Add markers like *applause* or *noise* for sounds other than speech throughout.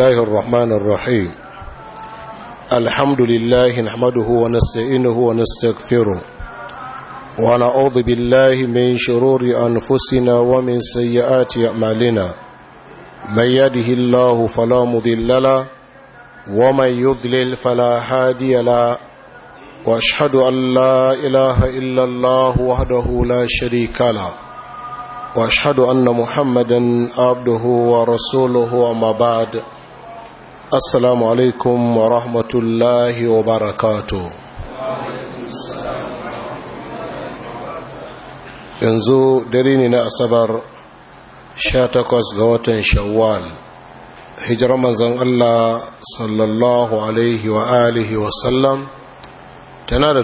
الله الرحمن الرحيم الحمد لله نحمده ونستعينه ونستغفره ونعوذ بالله من شرور أنفسنا ومن سيئات أعمالنا من يده الله فلا مضل له ومن يضلل فلا هادي له واشهد أن لا إله إلا الله وحده لا شريك له واشهد أن محمدا عبده ورسوله وما بعد assalamu alaikum wa rahmatullahi wa barakato yanzu dare ne na asabar sha takwas ga watan shawwal hijirar manzan Allah sallallahu alaihi wa alihi wasallam tana da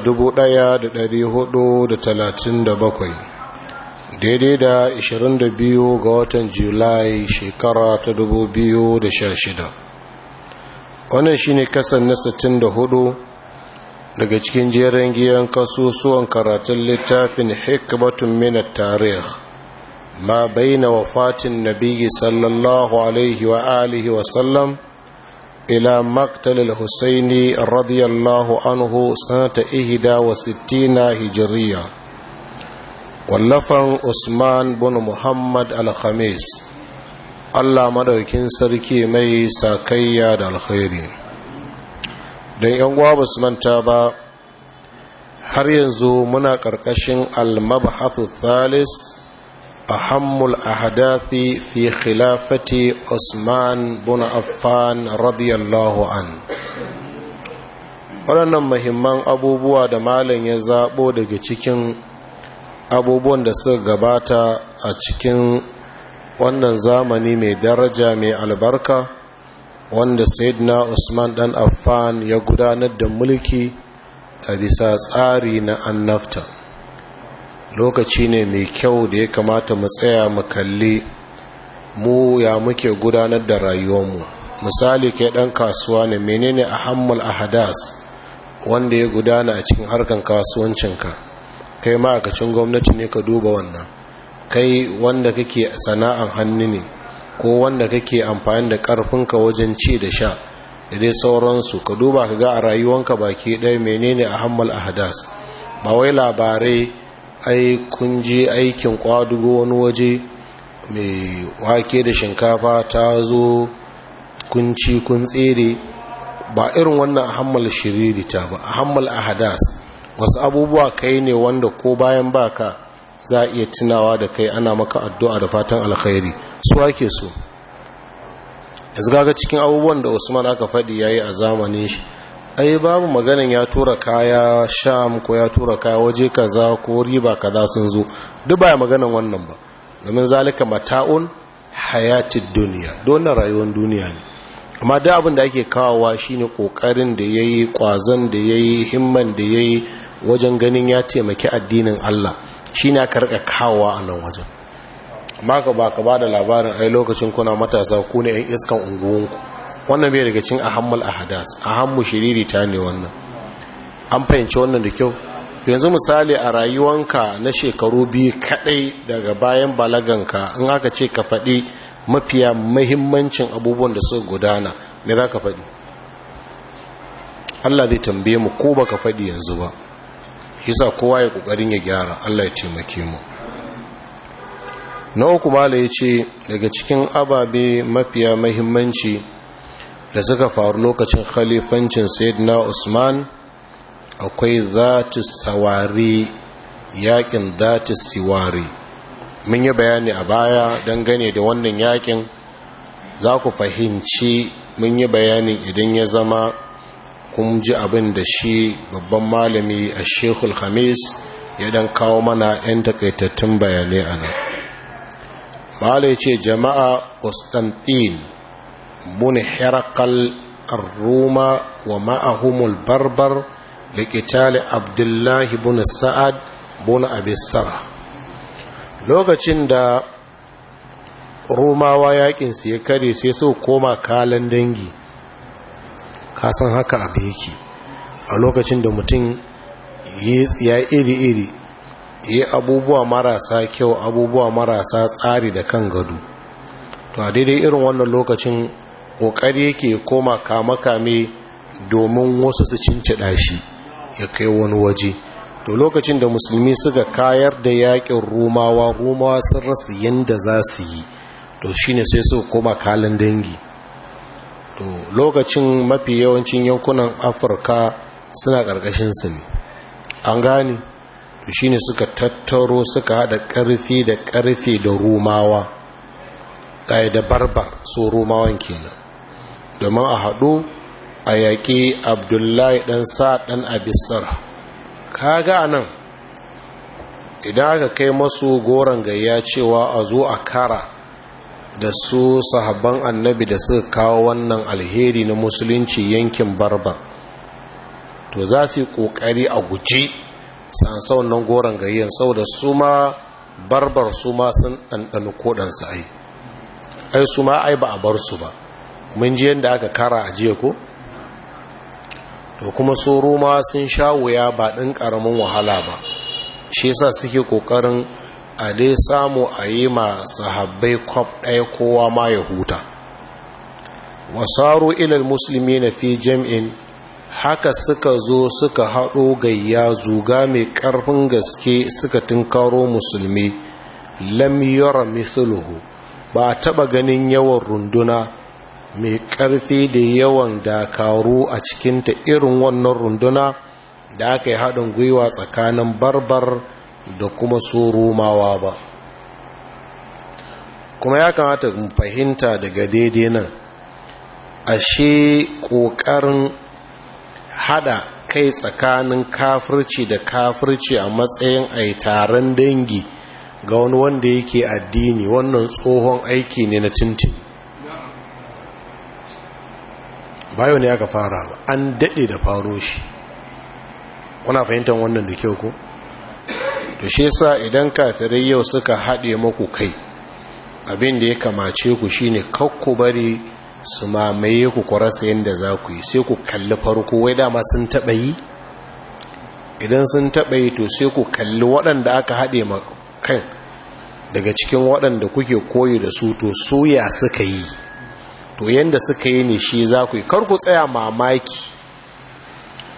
bakwai, daidai da biyu ga watan julai shekara ta dubu biyu da sha shida. wannan shine kasan na 64 daga cikin jerin giyan kasusuwan karatun littafin hikmatun min tarih ma baina wafatin nabiyyi sallallahu alaihi wa alihi wa sallam ila maqtal al-husaini radiyallahu anhu sanata ihda wa sittina hijiriya, wallafan usman bin muhammad al-khamis Allah madaukin sarki mai sakayya da alkhairi don yan uwa su manta ba har yanzu muna ƙarƙashin al-mabhathu thalis ahammul ahadathi fi khilafati Usman bin Affan radiyallahu an waɗannan muhimman abubuwa da malam ya zaɓo daga cikin abubuwan da suka gabata a cikin wannan zamani mai daraja mai albarka wanda sayyidina usman dan affan ya gudanar da mulki a bisa tsari na annafta lokaci ne mai kyau da ya kamata mu tsaya mu kalli mu ya muke gudanar da rayuwar mu misali kai dan kasuwa ne menene ahammul ahadas wanda ya gudana a cikin harkan kasuwancinka kai ma'aikacin gwamnati ne ka duba wannan kai wanda kake sana'an hannu ne ko wanda kake amfani da ƙarfinka wajen ci da sha da dai sauransu ka duba ka ga a rayuwanka baki ɗaya menene a hammal ahadas ba wai labarai ai kun je aikin kwadugo wani waje mai wake da shinkafa ta zo kun ci kun tsere ba irin wannan hammal shiririta ba hammal ahadas wasu abubuwa kai ne wanda ko bayan baka za a iya tunawa da kai ana maka addu'a da fatan alkhairi su ake so yanzu gaga cikin abubuwan da usman aka faɗi ya yi a zamanin shi ai babu maganin ya tura kaya sham ko ya tura kaya waje kaza ko riba kaza sun zo duk baya maganin wannan ba domin zalika mata'un hayatid duniya don rayuwar duniya ne amma duk abin da ake kawowa shine kokarin da yayi kwazon da yayi himman da yayi wajen ganin ya taimaki addinin Allah shi na aka kawowa a nan wajen maka ba ka ba da labarin ai lokacin kuna matasa ku ne 'yan iskan unguwunku. wannan bai daga cin ahammal ahadas ahammu shiriri ta ne wannan an fahimci wannan da kyau yanzu misali a rayuwanka na shekaru biyu kaɗai daga bayan balaganka in aka ce ka faɗi mafiya mahimmancin abubuwan da suka gudana me za ka faɗi Allah zai tambaye mu ko ba ka faɗi yanzu ba yasa kowa ya kokarin ya gyara Allah ya taimake mu na uku mala ya ce daga cikin ababe mafiya muhimmanci da suka faru lokacin khalifancin sayyidina usman akwai zati sawari yakin zati siwari mun yi bayani a baya gane da wannan yakin za ku fahimci mun yi bayanin idan ya zama kun ji abin da shi babban malami a shekul hamis ya dan kawo mana 'yan takaitattun bayanai a nan malai ce jama'a ostantin mun herakal Ruma wa ma'ahumul barbar likitali abdullahi bin sa'ad bin abisara lokacin da Rumawa romawa su ya kare sai su koma kalan dangi Ka san haka abu yake a lokacin da mutum ya iri-iri ya abubuwa marasa kyau abubuwa marasa tsari da kan gado to a daidai irin wannan lokacin ƙoƙari yake koma kame domin wasu su cincida shi ya kai wani waje to lokacin da musulmi suka kayar da yakin rumawa rumawa sun rasu yadda za su yi to shine sai su koma kalin dangi to lokacin mafi yawancin yankunan afirka suna ƙarƙashin su ne an gane to shine suka tattaro suka haɗa ƙarfi da ƙarfi da rumawa ɗaya da barbar so rumawan kenan domin a haɗu a yaƙi abdullahi ɗan sa ɗan abisar Ka a nan idan aka kai masu goron gayya cewa a zo a kara da su sahabban annabi da suka kawo wannan alheri na musulunci yankin barbar to za su yi ƙoƙari a guji sansan nan goron gayyan da su ma barbar su ma sun ɗanɗano koɗansu ai ai su ma ai ba a bar su ba mun ji yadda aka kara a jiya ko to kuma su roma sun sha wuya ba ɗin ƙaramin wahala ba shi yasa suke ƙoƙarin a dai samu a yi ma sahabbai kwab ɗaya kowa ma ya huta wasaru ilal musulmi na fi jam'in haka suka zo suka haɗo gayya zuga mai ƙarfin gaske suka tunkaro musulmi lamiyar misulhu ba a taɓa ganin yawan runduna mai ƙarfi da yawan dakaru a cikinta irin wannan runduna da aka yi haɗin gwiwa tsakanin barbar da kuma so ba kuma ya kamata mu fahimta daga daidai nan ashe ƙoƙarin hada kai tsakanin kafirci da kafirci a matsayin a dangi ga wani wanda yake addini wannan tsohon aiki ne na tintin bayo ne aka fara an daɗe da faro shi kuna fahimtar wannan da kyau ko? to shi sa idan kafirai yau suka haɗe maku kai abin da ya kamace ku shine kakku bari su mamaye ku kurasa yadda za ku yi sai ku kalli farko wai dama sun taɓa yi idan sun taɓa yi to sai ku kalli waɗanda aka haɗe kan daga cikin waɗanda kuke koyi da su to soya suka yi to yadda suka yi ne shi za ku yi kar ku tsaya mamaki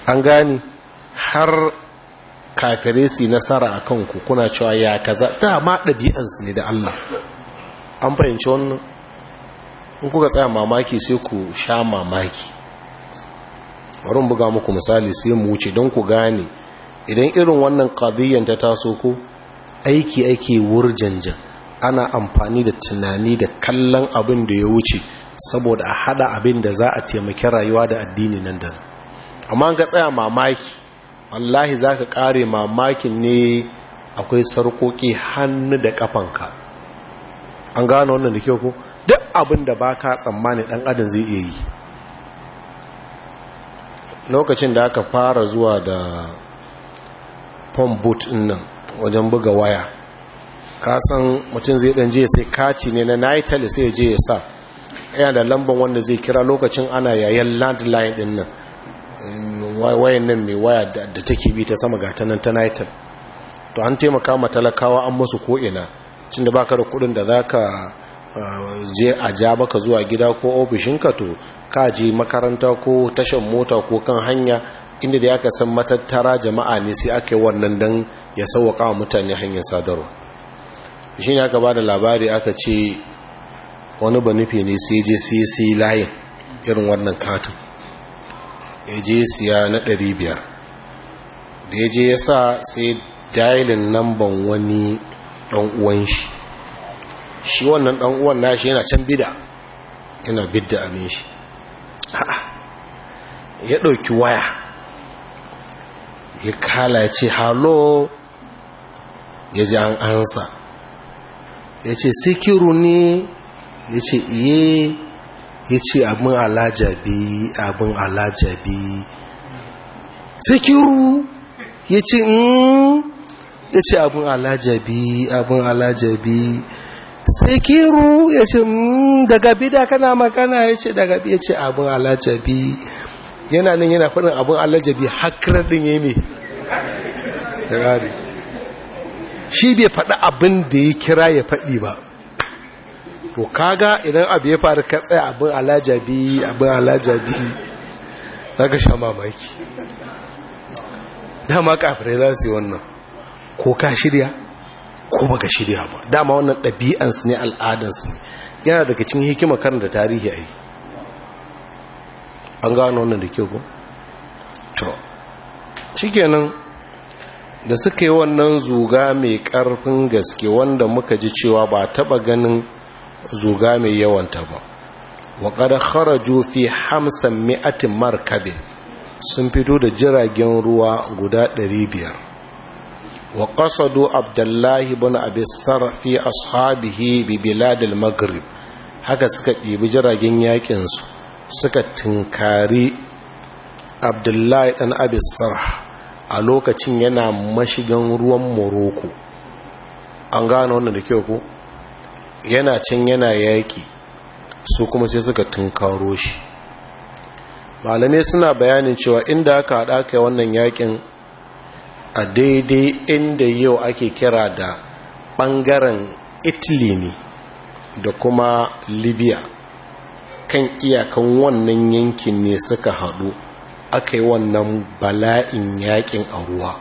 an gani har kafirai su nasara a kanku kuna cewa ya kaza dama ɗabi'ansu ne da Allah an fahimci wannan in kuka tsaya mamaki sai ku sha mamaki warin buga muku misali sai mu wuce don ku gane idan irin wannan qadiyyan ta taso ku, aiki ake wurjanjan ana amfani da tunani da kallon abin da ya wuce saboda a haɗa abin da za a taimaki rayuwa da addini nan da nan amma ga tsaya mamaki wallahi za ka ƙare mamakin ne akwai sarƙoƙi hannu da ƙafanka an gano wannan da kyau ko duk abin da ba ka tsammani ɗan adam zai iya yi lokacin da aka fara zuwa da but nan wajen buga waya kasan mutum zai ɗan je sai kati ne na naitali sai je ya sa yana da lambar wanda zai kira lokacin ana yayin landline ɗin nan wayan nan mai waya da take bi ta sama ga ta nan ta nitel to an taimaka ma talakawa an masu ko'ina cin da baka da kudin da za ka ah, je a ja baka zuwa gida ko ofishinka to ka je makaranta ko tashan mota ko kan hanya inda da aka san matattara jama'a ne sai aka yi wannan don ya sauwaka wa mutane hanyar sadarwa shi ne aka ba da labari aka ce wani ba nufi ne sai je sai layin irin wannan katin ya je siya na ɗari biyar da ya je ya sa sai dialin namban wani uwan shi shi wannan uwan nashi yana can bida yana bidda abin shi ya ɗauki waya ya kala ya ce halo ya ji an ansa ya ce sikiru ne ya ce iye eh. ya ce abin alajabi abin alajabi sikiru ya ce mm. ya ce abin alajabi abin alajabi sikiru ya ce mm. daga bida kana makana ya ce daga ya ce abin alajabi yana nan yana faɗin abin alajabi hakirar din ya ne shi bai faɗi abin da ya kira ya faɗi ba to kaga idan abu ya faru ka tsaya abin alajabi abin alajabi za ka sha mamaki dama kafirai za su yi wannan ko ka shirya ko ba ka shirya ba dama wannan ɗabi'ansu ne al'adansu yana daga cikin hikima karin da tarihi a yi an gano wannan da kyau ko? to shikenan da suka yi wannan zuga mai ƙarfin gaske wanda muka ji cewa ba taɓa ganin zuga mai yawanta ba wa kharaju fi hamsan mi'atin markabe sun fito da jiragen ruwa guda 500 wa Waƙasadu abdullahi bin Abisar fi ashabihi bi bilad maghrib haka suka ɗibi jiragen yaƙinsu, suka tinkari abdullahi ɗan Abisar a lokacin yana mashigan ruwan morocco an gano wannan da kyau ku. yana can yana yaƙi su kuma sai suka tunkaro shi malamai suna bayanin cewa inda aka haɗa kai wannan yaƙin a daidai inda yau ake kira da ɓangaren italy ne da kuma libya kan iyakan wannan yankin ne suka haɗu aka yi wannan bala'in yaƙin a ruwa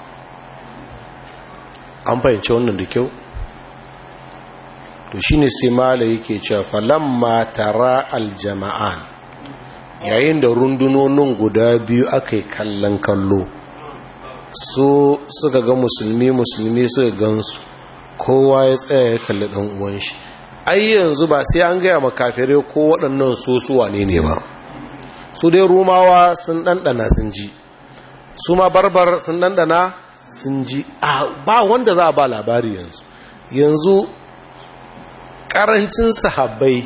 an fahimci wannan da kyau to shine sai mala yake cewa falamma tara aljama'an yayin da rundunonin guda biyu aka yi kallon kallo su suka ga musulmi musulmi suka gansu kowa ya tsaya ya kalli ɗan uwan shi ai yanzu ba sai an gaya makafire ko waɗannan su ne ne ba su dai rumawa sun ɗanɗana sun ji su ma barbar sun ɗanɗana sun ji ah, ba wanda za a ba labari yanzu yanzu karancin sahabbai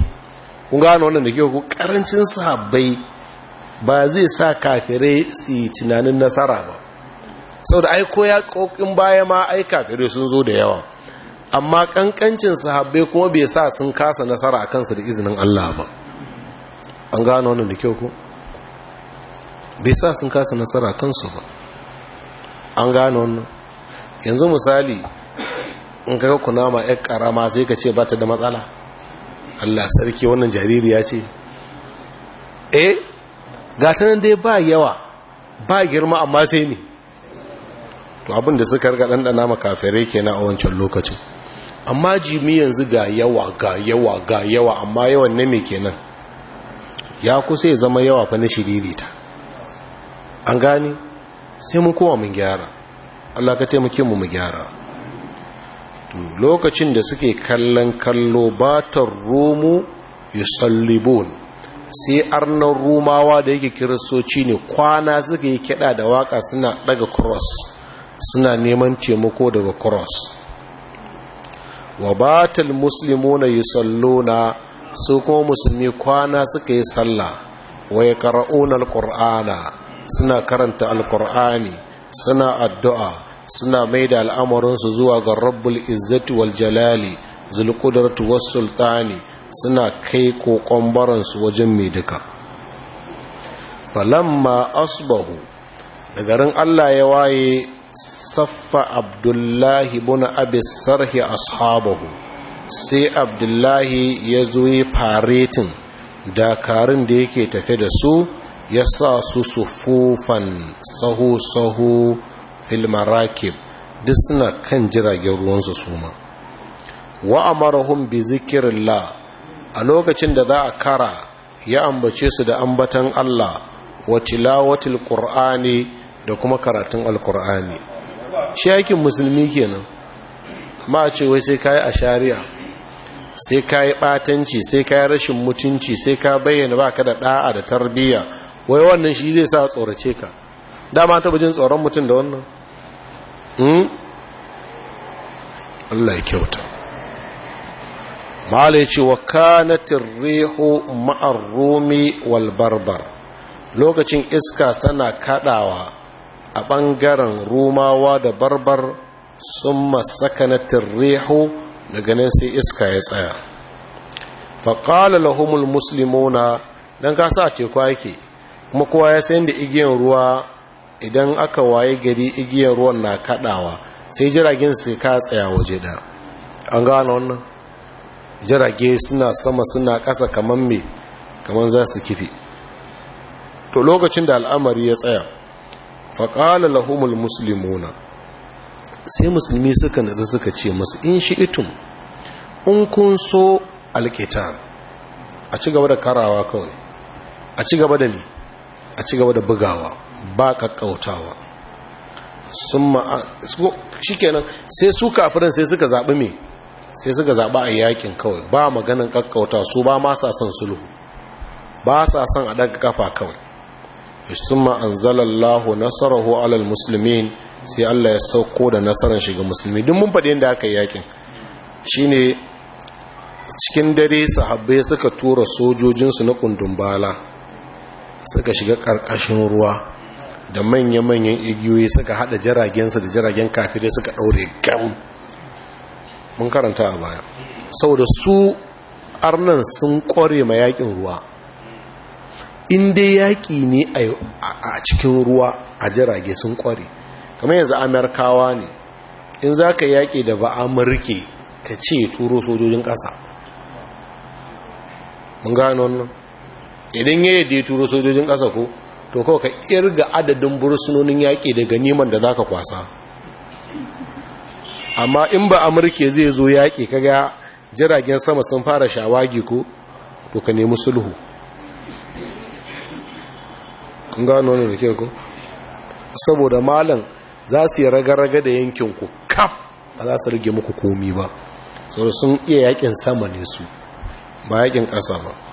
kun gano wannan da ke ku karancin sahabbai ba zai sa kafirai su yi tunanin nasara ba sau da aiko ya kokin baya ma ai kafirai sun zo da yawa amma kankancin sahabbai kuma bai sa sun kasa nasara a kansu da izinin Allah ba an gano wannan da kyau ku bai sa sun kasa nasara a kansu ba an gano wannan yanzu misali in kaga kunama yar karama sai ka ce ba ta da matsala Allah sarki wannan jaririya ce eh gata nan dai ba yawa ba girma amma sai ne to abin da suka rika dandana makafirai kenan a wancan lokacin amma jimi yanzu ga yawa ga yawa ga yawa amma yawan ne me kenan ya kusa ya zama yawa fa na shiririta an gani sai mu kowa mun gyara Allah ka taimake mu mu gyara lokacin da suke kallon kallo batar rumu yusallibun sai arnon rumawa da yake kiristoci ne kwana suka yi kiɗa da waka suna ɗaga cross suna neman taimako daga cross wa batal muslimuna na su kuma musulmi kwana suka yi sallah wa ya ƙara'unar suna karanta alƙur'ani suna addu'a suna mai da al'amarinsu zuwa ga rabbul izzati wal jalali zulkudartu was sultani suna kai kokon baransu wajen mai duka falamma asbahu da garin Allah ya waye saffa abdullahi buna abis sarhi ashabahu sai abdullahi ya zo yi faretin dakarun da yake tafe da su ya sa su sufufan sahu-sahu fil duk suna kan jiragen ruwansu su ma wa amarahum bi zikrillah a lokacin da za a kara ya ambace su da ambatan Allah wa tilawatil qur'ani da kuma karatun alqur'ani shi aikin musulmi kenan ma a ce wai sai kai a shari'a sai kai batanci sai kai rashin mutunci sai ka bayyana baka da da'a da tarbiyya wai wannan shi zai sa tsorace ka dama ta bijin tsoron mutum da wannan Hmm? Allah ya kyauta Malai ce wa kanatin rihu ma'ar rumi wal barbar lokacin iska tana kadawa a ɓangaren rumawa da barbar sun masakanatin rihu daga nan sai iska ya tsaya faƙala lahumul musulmuna don kasa ce kwa yake kuma kowa ya sayan da igiyan ruwa idan aka waye gari igiyar ruwan na kadawa sai jiragen su ka tsaya waje da an gano wannan jirage suna sama suna kasa kamar me kamar za su kifi to lokacin da al'amari ya tsaya faƙala lahumul musulmuna sai musulmi suka nazu suka ce masu in shi itum in kun so alkitan a ci gaba da karawa kawai a ci gaba da ni, a ci gaba da bugawa ba kakkautawa sun sai su kafirin sai suka zaɓi me sai suka zaɓi a yakin kawai ba maganin kakkauta su ba ma sa son sulhu ba sa son a ɗaga kafa kawai sun ma'an zalallahu nasarahu alal musulmi sai allah ya sauko da nasarar shiga musulmi duk mun faɗi yadda aka yi yakin Shi ne cikin dare sahabbai suka tura sojojinsu na ƙundun bala suka shiga ƙarƙashin ruwa da manya-manyan igiyoyi suka hada jiragensa da jiragen kafirai suka daure gam mun karanta a baya saboda su arnan sun kware ma yakin ruwa in dai yaƙi ne a cikin ruwa a jirage sun kware kamar yanzu amerikawa ne in za ka yaƙi da ba amurke ka ce turo sojojin ƙasa mun gano wannan idan ya ya turo sojojin ƙasa ko to kawo ka irga adadin bursunonin yaƙi daga neman da za ka kwasa amma in ba amurke zai zo yaƙi kaga jiragen sama sun fara shawagi ko to ka nemi sulhu kun gano ne da ke ku saboda malam za su yi raga-raga da yankinku kaf ba za su rage muku komi ba sau sun iya yaƙin sama ne su ba yaƙin ƙasa ba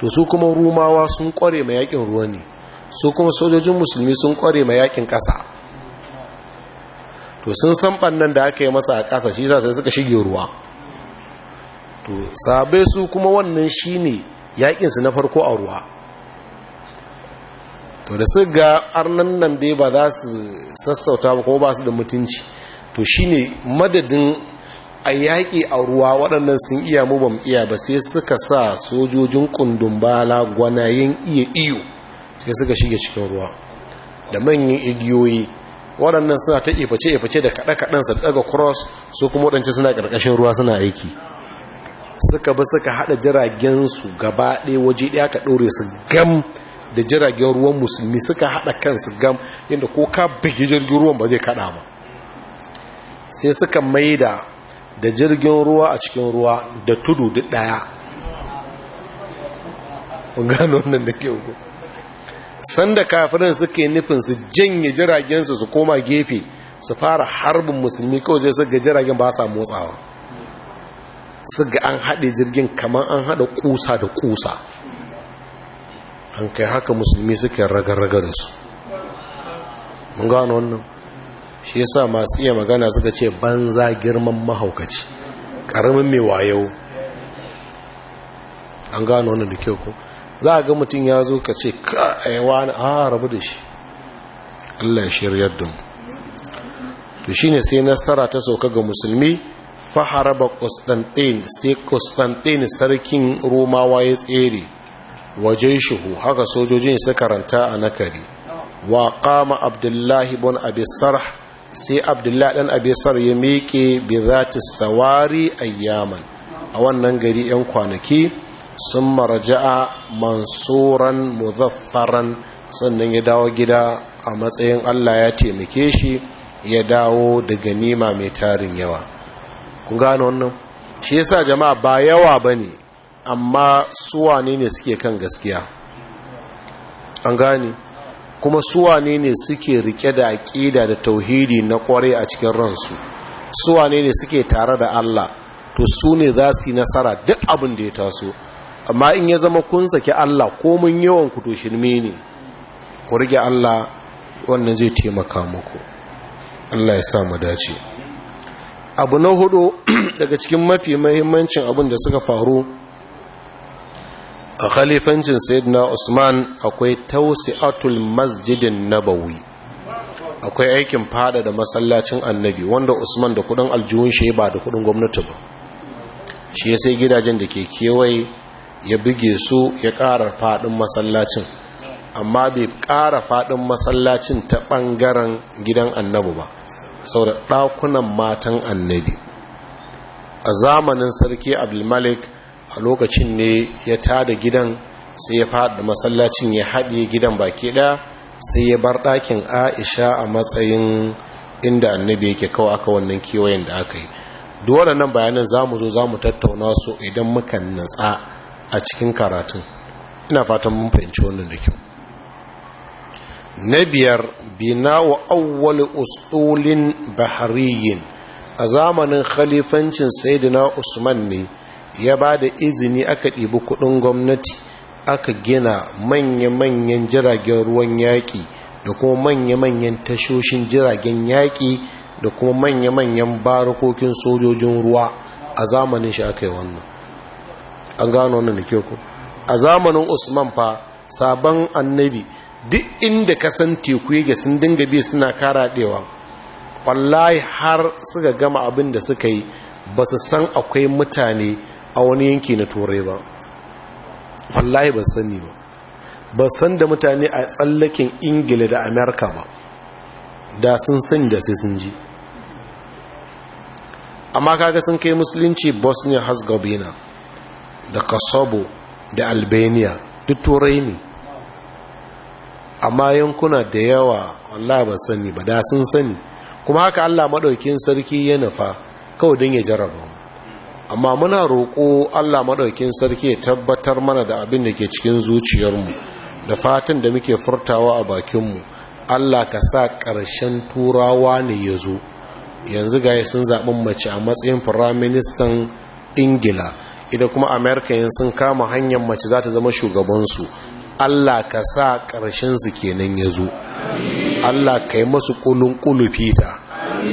to su kuma rumawa sun kware mai yakin ruwa ne su kuma sojojin musulmi sun kware mai yakin ƙasa to sun san bannan da aka yi masa a ƙasa shi sai suka shige ruwa to sabai su kuma wannan shi ne su na farko a ruwa to da su ga arnan nan dai ba za su sassauta ba kuma ba su da mutunci to shi ne madadin a yaƙi a ruwa waɗannan sun iya mubam iya ba sai suka sa sojojin kundumbala gwanayen iya iyo sai suka shige cikin ruwa da manyan igiyoyi waɗannan suna ta iface-iface da kaɗa kaɗan su daga cross su kuma waɗance suna ƙarƙashin ruwa suna aiki suka bi suka haɗa jiragen su gaba ɗaya waje ɗaya ka ɗore su gam da jiragen ruwan musulmi suka haɗa kansu gam yadda ko ka bigi jirgin ruwan ba zai kaɗa ba sai suka maida. da jirgin ruwa a cikin ruwa da tudu duk daya gano nan da ke uku sanda kafirin suke nufin su janye jiragensu su koma gefe su fara harbin musulmi kawai sai su ga jiragen ba sa motsawa su ga an haɗe jirgin kamar an haɗa kusa da kusa an kai haka musulmi suke ragar-ragar da su mun gano wannan shi yasa masu iya magana suka ce banza girman mahaukaci ƙaramin mai wayo an gano wani da kyau ko za a ga mutum ya zo ka ce ka aiwa na a rabu da shi allah ya shirya da to to shine sai nasara ta sauka ga musulmi faharaba Kostantin sai Kostantin sarkin romawa ya tsere wajen shihu haka sojojin suka ranta a nakari wa kama abdullahi bon Abisar. sai abdullahi dan abisar ya miƙe bi ta sawari ayyaman a wannan gari yan kwanaki sun marja'a mansuran muzaffaran sannan ya dawo gida a matsayin Allah ya taimake shi ya dawo daga nima mai tarin yawa kun gano wannan shi yasa jama'a ba yawa ba ne amma suwa ne suke kan gaskiya an gane kuma suwane ne suke rike da aƙida da tauhidi na ƙware a cikin ransu suwane ne suke tare da Allah to su ne za su yi nasara duk abin da ya taso amma in ya zama kun saki Allah ko mun yawan ku to shirme ne ku rige Allah wannan zai taimaka muku Allah ya sa mu dace abu na hudu *clears throat* daga cikin mafi muhimmancin abin da suka faru a khalifancin na usman akwai tausi'atul masjidin nabawi akwai aikin fada da masallacin annabi wanda usman da kudin aljihun shi ba da kudin gwamnati ba shi ya sai gidajen da ke kewaye ya buge su ya ƙara fadin masallacin amma bai ƙara fadin masallacin ta ɓangaren gidan annabi ba sau da ɗakunan matan annabi a zamanin sarki abdulmalik a lokacin ne ya tada gidan sai ya faɗi masallacin ya haɗe gidan baki ɗaya sai ya bar ɗakin aisha a matsayin inda annabi yake kawo aka wannan kewayen da aka yi duk nan bayanan za mu zo za mu tattauna su idan muka natsa a cikin karatun ina fatan mun fahimci wannan da kyau na biyar bina wa awwal usulin bahariyin a zamanin khalifancin sayyidina usman ne ya ba da izini aka ɗibi kuɗin gwamnati aka gina manya-manyan jiragen ruwan yaƙi da kuma manya-manyan tashoshin jiragen yaƙi da kuma manya-manyan barakokin sojojin ruwa a zamanin shi aka yi wannan an gano wannan da ke ku a zamanin usman fa sabon annabi duk inda kasan teku yake sun dinga bi suna karaɗewa wallahi har suka gama abin da suka yi ba su san akwai mutane a wani yanki na turai ba wallahi ba sani ba ba san da mutane a tsallakin ingila da amerika ba da sun sani da sai sun ji amma kaga sun kai musulunci bosnia herzegovina da kosovo da albania duk turai ne amma yankuna da yawa wallahi ba sani ba da sun sani kuma haka Allah maɗaukin sarki ya nufa kawai don ya jarabawa amma muna roƙo Allah maɗaukin sarki ya tabbatar mana da abin da ke cikin zuciyarmu da fatan da muke furtawa a bakinmu Allah ka sa ƙarshen turawa ne ya zo yanzu gaya sun zaɓin mace a matsayin firaministan ingila idan kuma amerika yin sun kama hanyar mace za ta zama shugabansu Allah ka sa ƙarshensu kenan ya zo Allah ka yi masu ƙulun ta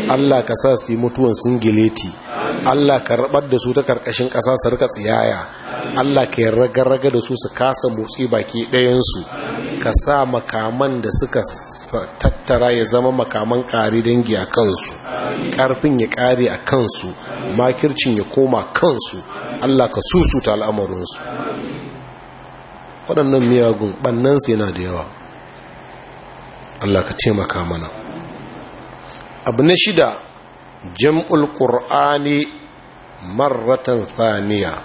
Allah ka sa su yi mutuwan singileti Allah ka rabar da su ta karkashin ƙasa su rika tsiyaya Allah ka raga-raga da su su kasa motsi baki ɗayansu ka sa makaman da suka tattara ya zama makaman ƙari dangi a kansu ƙarfin ya ƙare a kansu makircin ya koma kansu Allah ka susuta al'amarinsu waɗannan miyagun ɓannansu yana da yawa Allah ka taimaka mana abu na shida jam'ul ƙur'ani marratan thaniya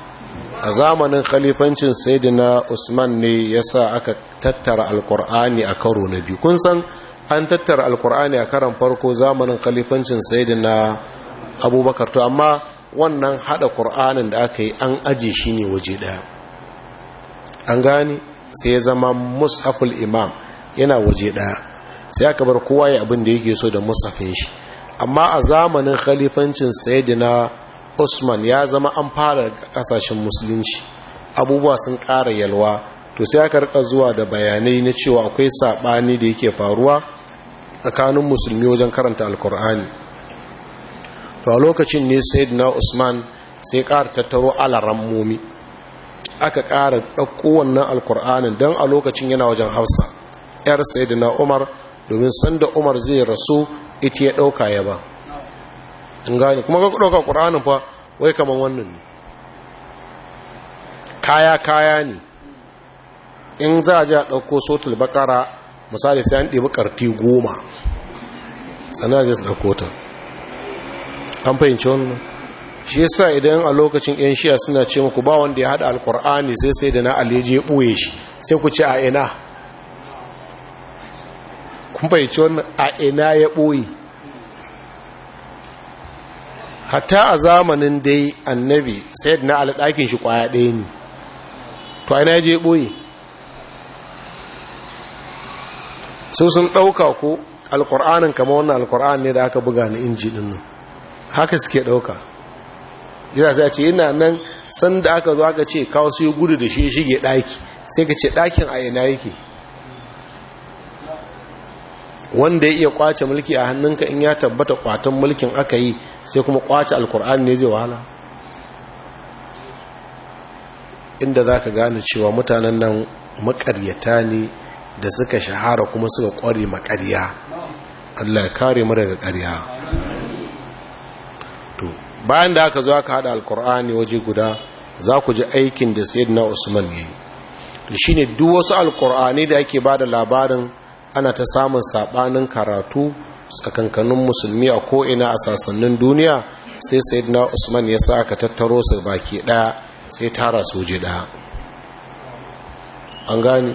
a zamanin khalifancin saidina usman ne ya sa aka tattara alƙur'ani a karo na biyu kun san an tattara alƙur'ani a karon farko zamanin kalifancin saidina abubakar to amma wannan haɗa ƙur'anin da aka yi an aji shi ne waje ɗaya an gane sai ya zama mushaful imam yana waje ɗaya sai aka bar kowa ya abin da yake so da mushafin shi amma a zamanin khalifancin saidina usman ya zama an fara kasashen musulunci abubuwa sun ƙara yalwa to sai aka rika zuwa da bayanai na cewa akwai saɓani da yake faruwa tsakanin musulmi wajen karanta alkur'ani to a lokacin ne saidina usman sai ƙara tattaro alaran momi aka ƙara ɗauko wannan alkur'anin don a lokacin yana wajen hausa 'yar saidina umar domin sanda umar zai rasu ita ya ɗauka ya ba in gane kuma ka ɗauka ƙur'anin fa wai kamar wannan ne kaya kaya ne in za a ji a ɗauko sotul bakara misali sai an ɗebi ƙarfi goma sana ga su ta an fahimci wannan shi yasa idan a lokacin yan shiya suna ce muku ba wanda ya haɗa alkur'ani sai sai da na aliyaji ya ɓoye shi sai ku ce a ina kuma fahimci wannan a ina ya ɓoye Hata a zamanin dai annabi sayid na alɗakin shi ƙwaya ɗaya ne to a ina je ɓoye su sun ɗauka ko alƙur'anin kama wannan alƙur'an ne da aka buga na inji ɗin nan haka suke ɗauka yana sai ce ina nan sanda aka zo aka ce kawo su yi gudu da shi shige ɗaki sai ka ce ɗakin a ina yake wanda ya iya kwace mulki a hannunka in ya tabbata kwatan mulkin aka yi sai kuma kwace alkur'ani ne zai wahala inda za ka gane cewa mutanen nan makaryata ne da suka shahara kuma suka kware makarya allah ya kare mu daga karya bayan da aka zo aka hada alkur'ani waje guda za ku ji aikin da na usman ya yi, to ne duk wasu alkur'ani da ake ba da labarin ana ta samun sabanin karatu tsakankanin musulmi a ko'ina a sassanin duniya sai sayyidina usman ya sa aka tattaro su baki daya sai tara soji daya an gani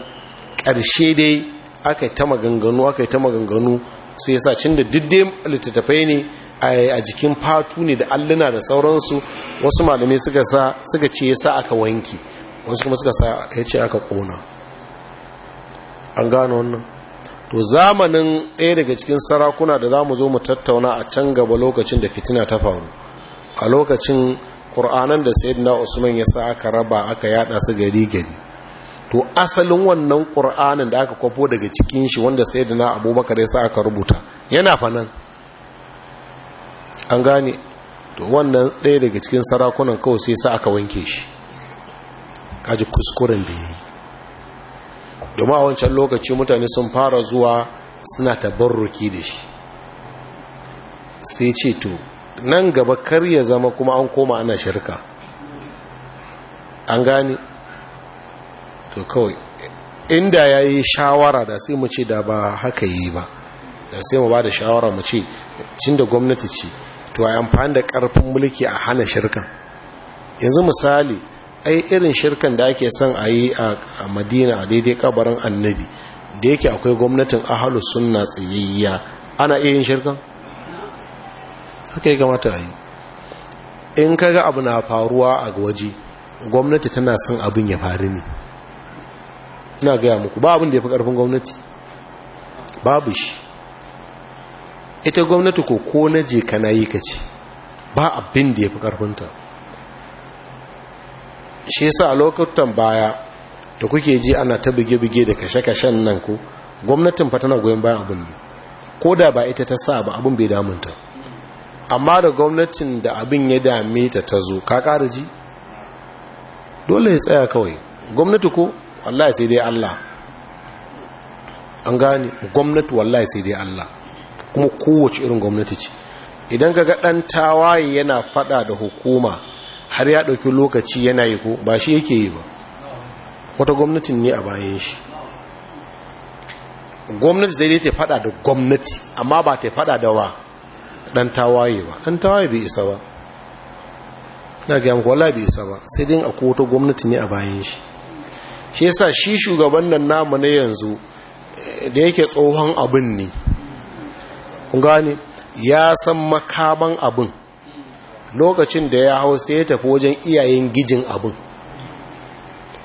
ƙarshe dai aka yi ta maganganu aka yi ta maganganu sai sa cin da didde littattafai ne a jikin fatu ne da alluna da sauransu wasu malamai suka sa suka ce aka wanki wasu kuma suka sa ya ce aka kona an gano wannan to zamanin ɗaya daga cikin sarakuna da za mu zo mu tattauna a can gaba lokacin da fitina ta faru a lokacin ƙur'anan da sayyidina usman ya sa aka raba aka yada su gari gari to asalin wannan ƙur'anin da aka kwafo daga cikin shi wanda sayyidina abubakar ya sa aka rubuta yana fanan an gane to wannan ɗaya daga cikin sarakunan kawai sai sa aka wanke shi kaji kuskuren da yi domin a wancan lokaci mutane sun fara zuwa suna tabarruki da shi sai ce to nan gaba kar ya zama kuma an koma ana shirka an gane to kawai inda ya yi shawara da sai mu ce da ba haka yi ba da sai mu ba da shawara mu ce cin da gwamnati ce to a amfani da karfin mulki a hana shirka. yanzu misali ai irin shirkan da ake son a yi a madina a daidai kabarin annabi da yake akwai gwamnatin ahalu sunna tsayayya ana iya yin shirkan haka ya gamata a yi in kaga abu na faruwa a waje gwamnati tana son abin ya faru ne ina gaya muku ba abin da ya fi karfin gwamnati babu shi ita gwamnati ko ko na je kana yi ka ce ba abin da ya fi karfinta shi yasa a lokutan baya da kuke ji ana ta buge-buge da kashe-kashen nan ko gwamnatin fa tana goyon bayan abin ne ko da ba ita ta sa ba abin bai damunta amma da gwamnatin da abin ya dame ta ta zo ka ƙara ji dole ya tsaya kawai gwamnati ko wallahi sai dai Allah an gane gwamnati wallahi sai dai Allah kuma kowace irin gwamnati ce idan ka ga ɗan tawaye yana fada da hukuma har ya ɗauki lokaci yana yi ko ba shi yake yi ba wata gwamnatin ne a bayan shi gwamnati zai ta fada da gwamnati amma ba ta fada da wa ɗan tawaye ba ɗan tawaye bai isa ba na gaya muku wala bai isa ba sai dai akwai wata gwamnati ne a bayan shi shi yasa shi shugaban nan namu na yanzu eh, da yake tsohon abin ne kun gane ya san makaman abin lokacin da ya hau sai ya tafi wajen iyayen gijin abin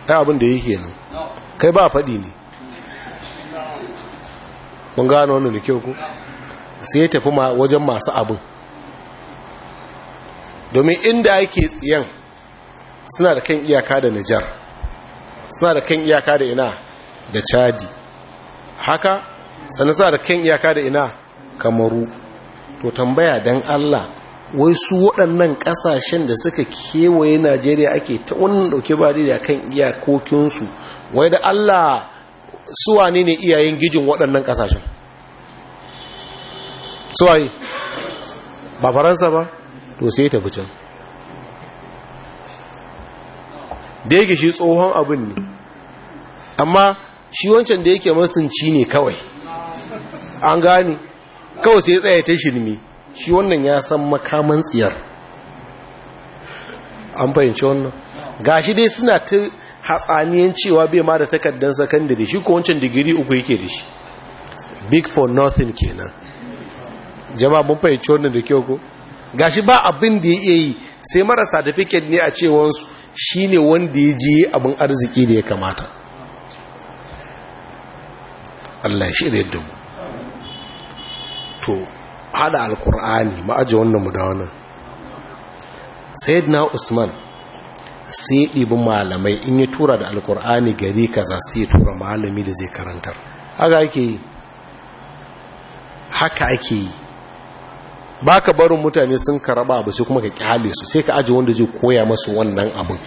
ta abin da yake nan kai ba faɗi ne kun gano wani da kyau ku sai ya tafi wajen masu abin domin inda ake tsiyan suna da kan iyaka da nijar suna da kan iyaka da ina da chadi haka sannan suna da kan iyaka da ina kamaru to tambaya don allah wai su waɗannan ƙasashen da suka kewaye najeriya ake ta wannan ɗauke ba da kan iyakokinsu wai da allah suwane ne iyayen gijin waɗannan ƙasashen suwaye ba faransa ba to sai tafi can da shi tsohon abin ne amma shi wancan da yake masunci ne kawai an gane kawai sai tsaye ta shirme shi wannan ya san makaman tsiyar an fahimci wannan gashi dai suna ta hatsaniyan cewa bai ma da takardar sakandare shi ko wancan digiri uku yake da shi big for nothing kenan jama'a mun fahimci wannan da kyau ko gashi ba abin da ya iya yi sai marasa da certificate ne a cewansu shi ne wanda ya je abin arziki da ya kamata Allah ya shirya yadda mu to hada alkur'ani ma'aji wannan mudawana sayyidina usman sai ɗibi malamai in ya tura da alkur'ani gari kaza sai ya tura malami da zai karantar haka ake yi haka ake yi ba ka barin mutane sun karaba ba sai kuma ka kyale su sai ka aji wanda zai koya masu wannan abin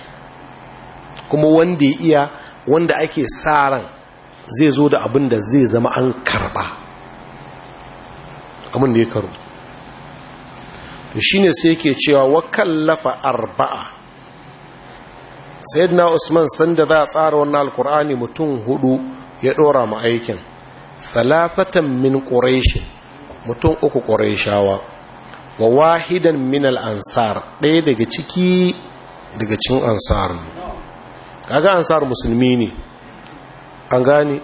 kuma wanda ya iya wanda ake sa ran zai zo da abin da zai zama an karba abin da ya da to ne sai yake cewa wa kallafa arba'a sayyidina usman sanda za a tsara wannan alkur'ani mutum hudu ya dora ma aikin salafatan min quraish mutum uku qurayshawa wa wahidan min al'ansar ansar ɗaya daga ciki daga cin ansar ne kaga ansar musulmi ne an gane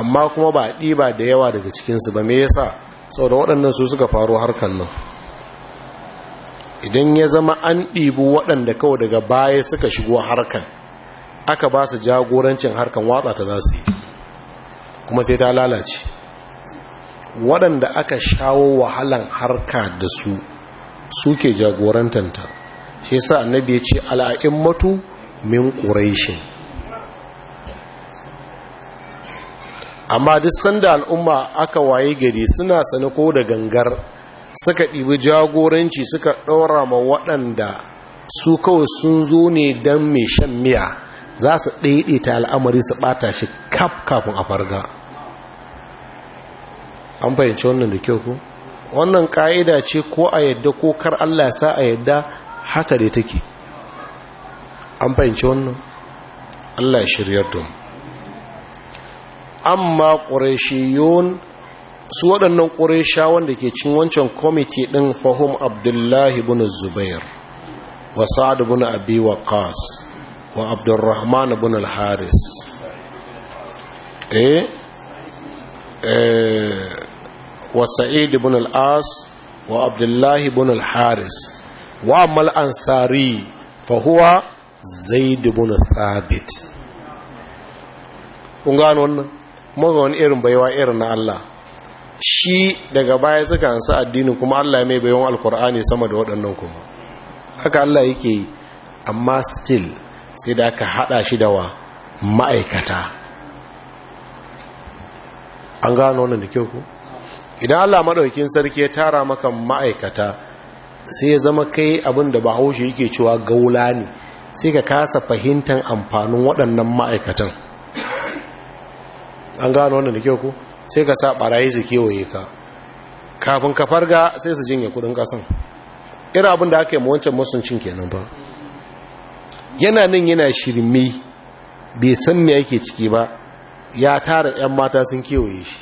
amma kuma ba ɗiba da yawa daga cikinsu ba me yasa sau da waɗannan su suka faru harkan nan idan ya zama an ɗibi waɗanda kawai daga baya suka shigo harkan aka ba su jagorancin harkan watsa ta za su yi kuma sai ta lalace waɗanda aka shawo wahalan harka da su suke jagorantanta shi sa annabi ya ce al'a'immatu min ƙuraishin amma duk sanda al'umma aka waye gari suna sani ko da gangar suka ɗibi jagoranci suka ɗora ma waɗanda su kawai sun zo ne don mai shan miya za su ɗaiɗaita al'amari su ɓata shi kaf kafin a farga an fahimci wannan da kyau ku wannan ƙa'ida ce ko a yadda ko kar allah sa a yadda haka dai take an fahimci wannan allah shiryar domin amma ƙurashiyun su waɗannan ƙurasha wanda ke cin wancan kwamiti ɗin fahim abdullahi bin zubair wa sa'ad bin abi ƙas wa abdurrahman bin al-haris eh? eh wa sa'id bin al-as wa abdullahi bin al-haris wa amal ansari fa huwa zaid bin thabit kun gano wannan kuma wani irin baiwa irin na Allah shi daga baya suka ansa addini, kuma Allah mai baiwan alkur'ani sama da waɗannan kuma haka Allah yake yi amma still sai da aka haɗa shi da wa ma'aikata an gano wannan da kyau ku idan Allah maɗaukin sarki ya tara maka ma'aikata sai ya zama kai abin da bahaushe yake cewa gaula ne sai ka kasa fahimtar amfanin waɗannan ma'aikatan an gano wannan da kyau ko sai ka sa barayi su kewaye ka kafin ka farga sai su jinya kudin kasan irin abin da aka yi wancan masuncin kenan ba yana nan yana shirme bai san me yake ciki ba ya tara 'yan mata sun kewaye shi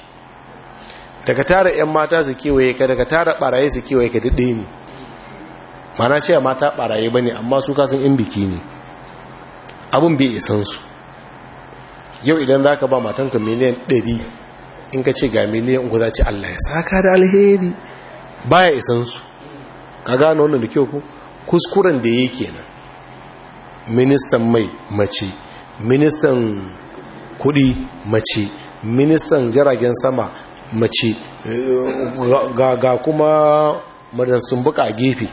daga tara 'yan mata su kewaye ka daga tara barayi su kewaye ka daɗe ne mana ce mata barayi ba ne amma su kasan 'yan biki ne abin bai isan su yau idan za ka ba matanka miliyan ɗari in ka ce ga miliyan uku za ce Allah ya saka da alheri baya isan su ka gano wannan da kyau ku kuskuren da ya ke nan ministan mai mace ministan kudi mace ministan jiragen sama mace ga kuma madan sumbuka gefe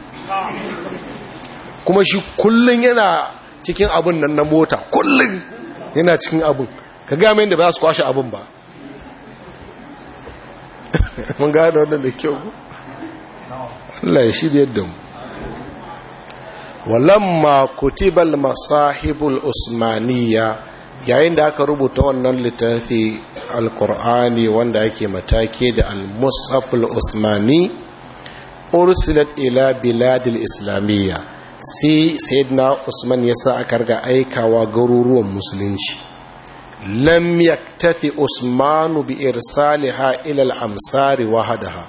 kuma shi kullum yana cikin abin nan na mota kullum. yana cikin abin ka gaya mai da ba za su kwashe abin ba *laughs* mun gada wannan da kyau Allah ya shirya da mu walamma kutibal masahibul usmaniya yayin da aka rubuta wannan littafi alkur'ani wanda ake matake da al usmani ursilat ila biladil islamiyya sai na usman ya sa aka riga aikawa garuruwan musulunci lam yaktafi usmanu bi irsaliha ila al-amsari wahadaha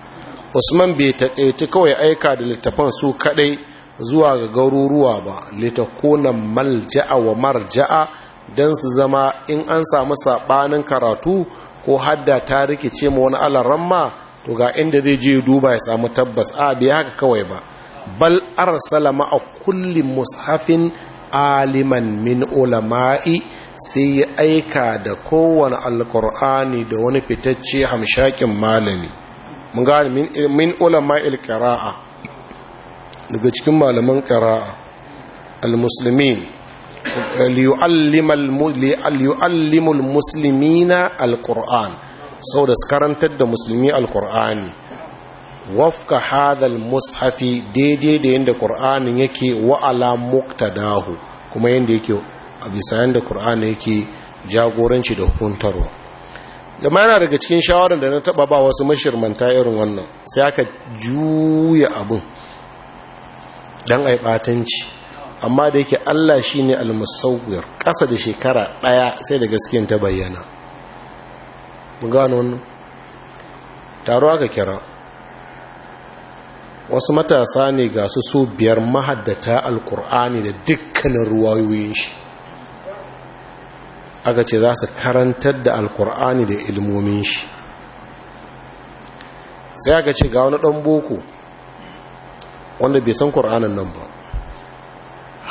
usman bai taƙaiti kawai aika da littafan su kaɗai zuwa ga garuruwa ba litakuna malja'a wa marja'a don su zama in an samu saɓanin karatu ko hadda ta rikice ma wani alaran ma to ga inda zai je duba ya samu tabbas a bai haka kawai ba bal arsala a kulli mushafin aliman min ulama'i sai ya aika da kowane alkur'ani da wani fitacce hamshakin malami mun gane min ulama'il qira'a daga cikin malaman qira'a almuslimin liyu'allimul muslimina alqur'an sau da karantar da musulmi alkur'ani wafka hadal mushafi daidai da yadda ƙur'anin yake wa'ala muktadahu kuma yadda yake a bisa yadda ƙur'anin yake jagoranci da hukuntarwa gama yana daga cikin shawarar da na taɓa ba wasu mashirmanta irin wannan sai aka juya abun don a amma da yake allah shi ne almusawir ƙasa da shekara ɗaya sai da gaskiyan ta bayyana mu gano wannan taro aka kira wasu matasa ne ga su so biyar mahaddata alkur'ani da dukkanin ruwayoyin shi aka ce za su karantar da alkur'ani da ilmomin shi sai aka ce ga wani ɗan boko wanda bai san kur'anin nan ba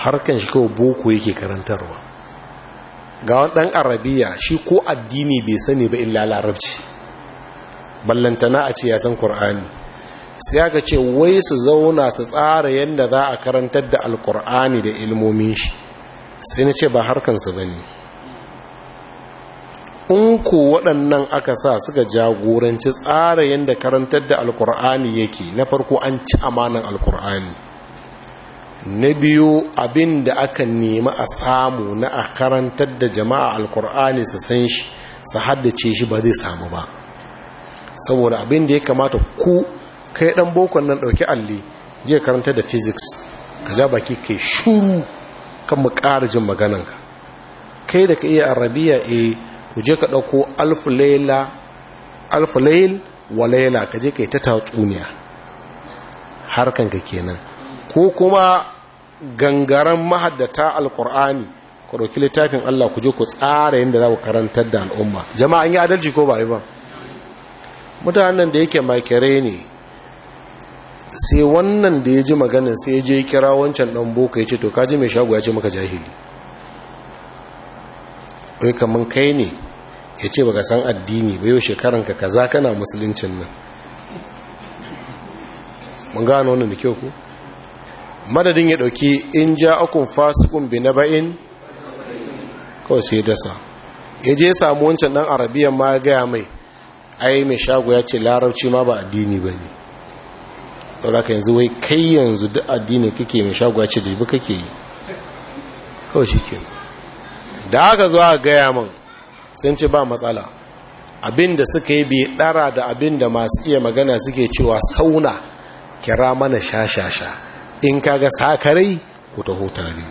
harkan shi kawai boko yake karantarwa ga wani ɗan arabiya shi ko addini bai sani ba illa larabci ballantana a ce ya san kur'ani sai aka ce wai su zauna su tsara yadda za a karantar da alkur'ani da ilmomin shi sai na ce ba harkansu ba ne in ku waɗannan aka sa suka jagoranci tsara yadda karantar da alkur'ani yake na farko an ci amanan alkur'ani na biyu abin da aka nemi a samu na a karantar da jama'a alkur'ani su san shi su haddace shi ba zai samu ba saboda abin da ya kamata ku kai dan bokon nan dauki alli je karanta da physics ka ja baki kai shuru kan mu ƙara jin ka kai da ka iya arabiya e ku je ka dauko alf layla alf layl wa layla ka je kai ta tatsuniya harkan ka kenan ko kuma gangaren mahaddata alqur'ani ku ɗauki littafin Allah ku je ku tsara yanda za ku karantar da al'umma jama'a an adalci ko ba yi ba mutanen da yake makere ne sai wannan da ya ji maganin sai ya je kira wancan ɗan boko ya ce to kaji mai shago ya ce maka jahili wai kamar kai ne ya ce baka san addini ba yau shekaranka kaza kana musuluncin nan mun gano wannan da kyau ku madadin ya ɗauki in ja akun fasikun bi naba'in kawai sai dasa ya je samu wancan ɗan arabiyan ma ya gaya mai ai mai shago ya ce larabci ma ba addini ba ne. sauraka yanzu wai kai yanzu duk addini kake mai shagwa ce da kake yi kawai shi ke da aka zuwa gaya min sun ce ba matsala abinda da suka yi bai ɗara da abinda masu iya magana suke cewa sauna kira mana sha-sha-sha in kaga sakarai ku taho tare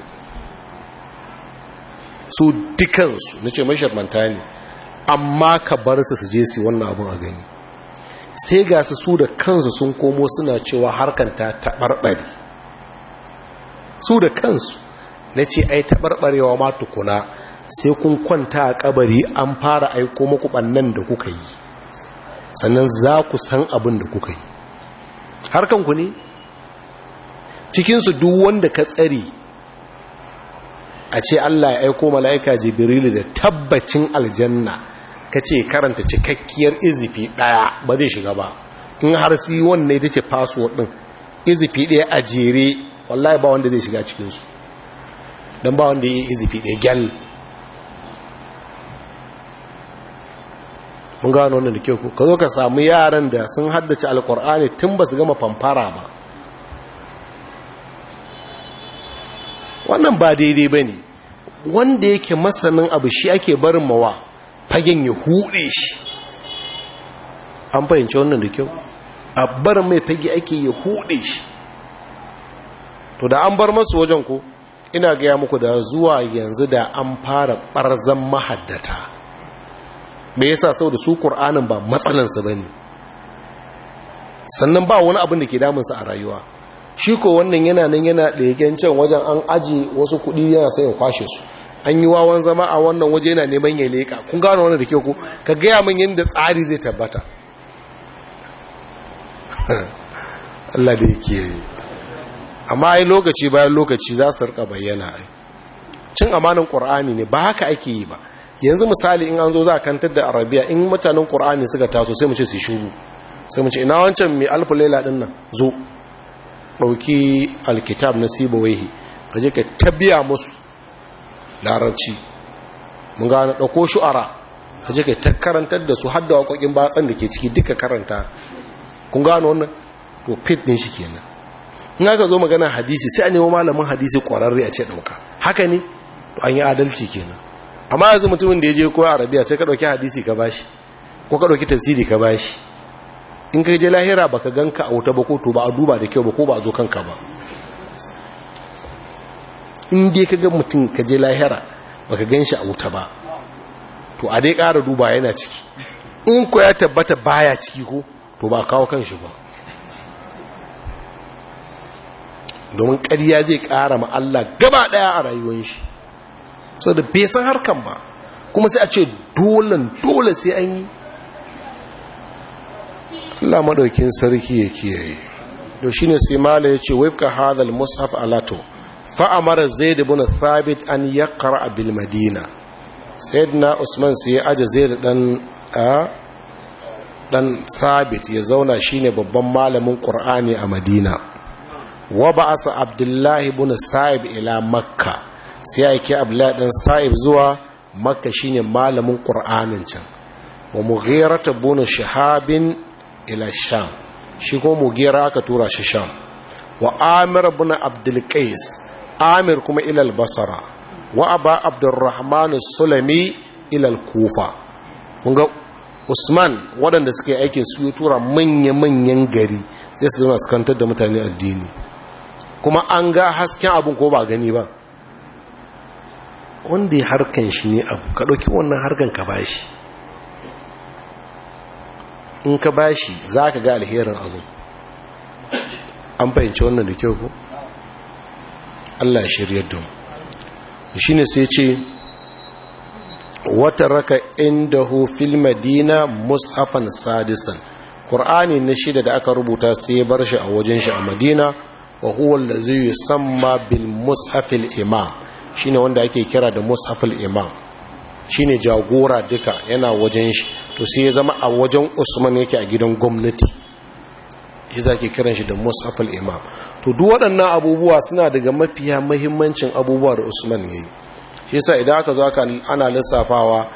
su dukansu na ce mashirmanta ne amma ka bar su su je su wannan abin a gani sai ga su su da kansu sun komo suna cewa harkan ta taɓarɓare su da kansu na ce ai taɓarɓarewa ma tukuna sai kun kwanta a ƙabari an fara aiko maku ɓannan da kuka yi sannan za ku san abin da kuka yi harkanku ne cikinsu duk wanda ka tsari a ce allah ya aiko mala'ika jibrilu da tabbacin aljanna ka ce karanta cikakkiyar izifi ɗaya ba zai shiga ba in har su wannan ita ce password ɗin izifi ɗaya a jere wallahi ba wanda zai shiga cikinsu don ba wanda yi izifi ɗaya gyal mun gano wannan da kyau ka zo ka samu yaran da sun haddace alkur'ani tun ba su gama famfara ba wannan ba daidai ba ne wanda yake masanin abu shi ake barin mawa fagen ya hude shi an fahimci wannan da kyau a barin mai fage ake ya hude shi to da an bar masu wajen ko ina gaya muku da zuwa yanzu da an fara ɓarzan mahaddata me yasa saboda su ƙur'anin ba matsalansa ne? sannan ba wani abin da ke damunsa a rayuwa shi ko wannan yana nan yana da wajen an aji wasu kuɗi yana sai ya kwashe su an yi wawan zama a wannan waje yana neman ya leƙa kun gano wannan da ke ku ka gaya min yadda tsari zai tabbata *laughs* Allah da yake yi amma ai lokaci bayan lokaci za su rika bayyana ai cin amanin ƙur'ani ne ba haka ake yi ba yanzu misali in an zo za a kantar da arabiya in mutanen ƙur'ani suka taso sai mu ce su shuru sai mu ce ina wancan mai alfu laila din nan zo ɗauki alkitab na sibawaihi ka je ka tabiya musu larabci mun gane dauko shu'ara ka je ka ta karantar da su har da wakokin batsan da ke ciki duka karanta kun gane wannan to fit ɗin shi kenan in aka zo magana hadisi sai a nemo malamin hadisi kwararre a ce ɗauka haka ne to an yi adalci kenan amma yanzu mutumin da ya je koya arabiya sai ka ɗauki hadisi ka bashi ko ka ɗauki tafsiri ka bashi in ka je lahira baka ganka a wuta ba ko to ba a duba da kyau ba ko ba a zo kanka ba in dai ka ga mutum ka je lahira baka gan shi a wuta ba to a dai ƙara duba yana ciki in ko ya tabbata baya ciki ko to ba kawo kan shi ba domin ƙarya zai ƙara ma gaba ɗaya a rayuwan shi so da bai harkan ba kuma sai a ce dolan dole sai an yi Allah maɗaukin sarki ya kiyaye shi ne sai mala ya ce ka hadal mushaf alato fa'amara zai da buna thabit an ya kara bil madina sai na usman sai ya aje zai da ɗan thabit ya zauna shine babban malamin ƙur'ani a madina wa ba sa abdullahi buna sa'ib ila makka sai aiki abdullahi ɗan sa'ib zuwa makka shine malamin ƙur'anin can wa ta buna shahabin ila sham shi ko mughira aka tura shi sham wa amir buna abdul amir kuma ilal basara wa aba abdurrahman sulami ilal kufa kun ga usman waɗanda suke aikin su yi tura manya-manyan gari sai su zama kantar da mutane addini kuma an ga hasken abin ko ba gani ba wanda ya harkan shi ne abu ka ɗauki wannan harkan ka bashi in ka bashi za ka ga alherin abu an fahimci wannan da kyau ko? Allah shirya da shi ne sai ce wata raka hu fil madina mushafan sadisan qur'ani na shida da aka rubuta sai ya bar shi a wajen shi a madina wa huwa allazi yusamma bil mushafil imam shine wanda ake kira da mushafil imam shine jagora duka yana wajen shi to sai ya zama a wajen usman yake a gidan gwamnati shi zake kiran shi da mushafil imam to duk waɗannan abubuwa suna daga mafiya mahimmancin abubuwa da usman ya yi shi sa idan aka zo aka ana lissafawa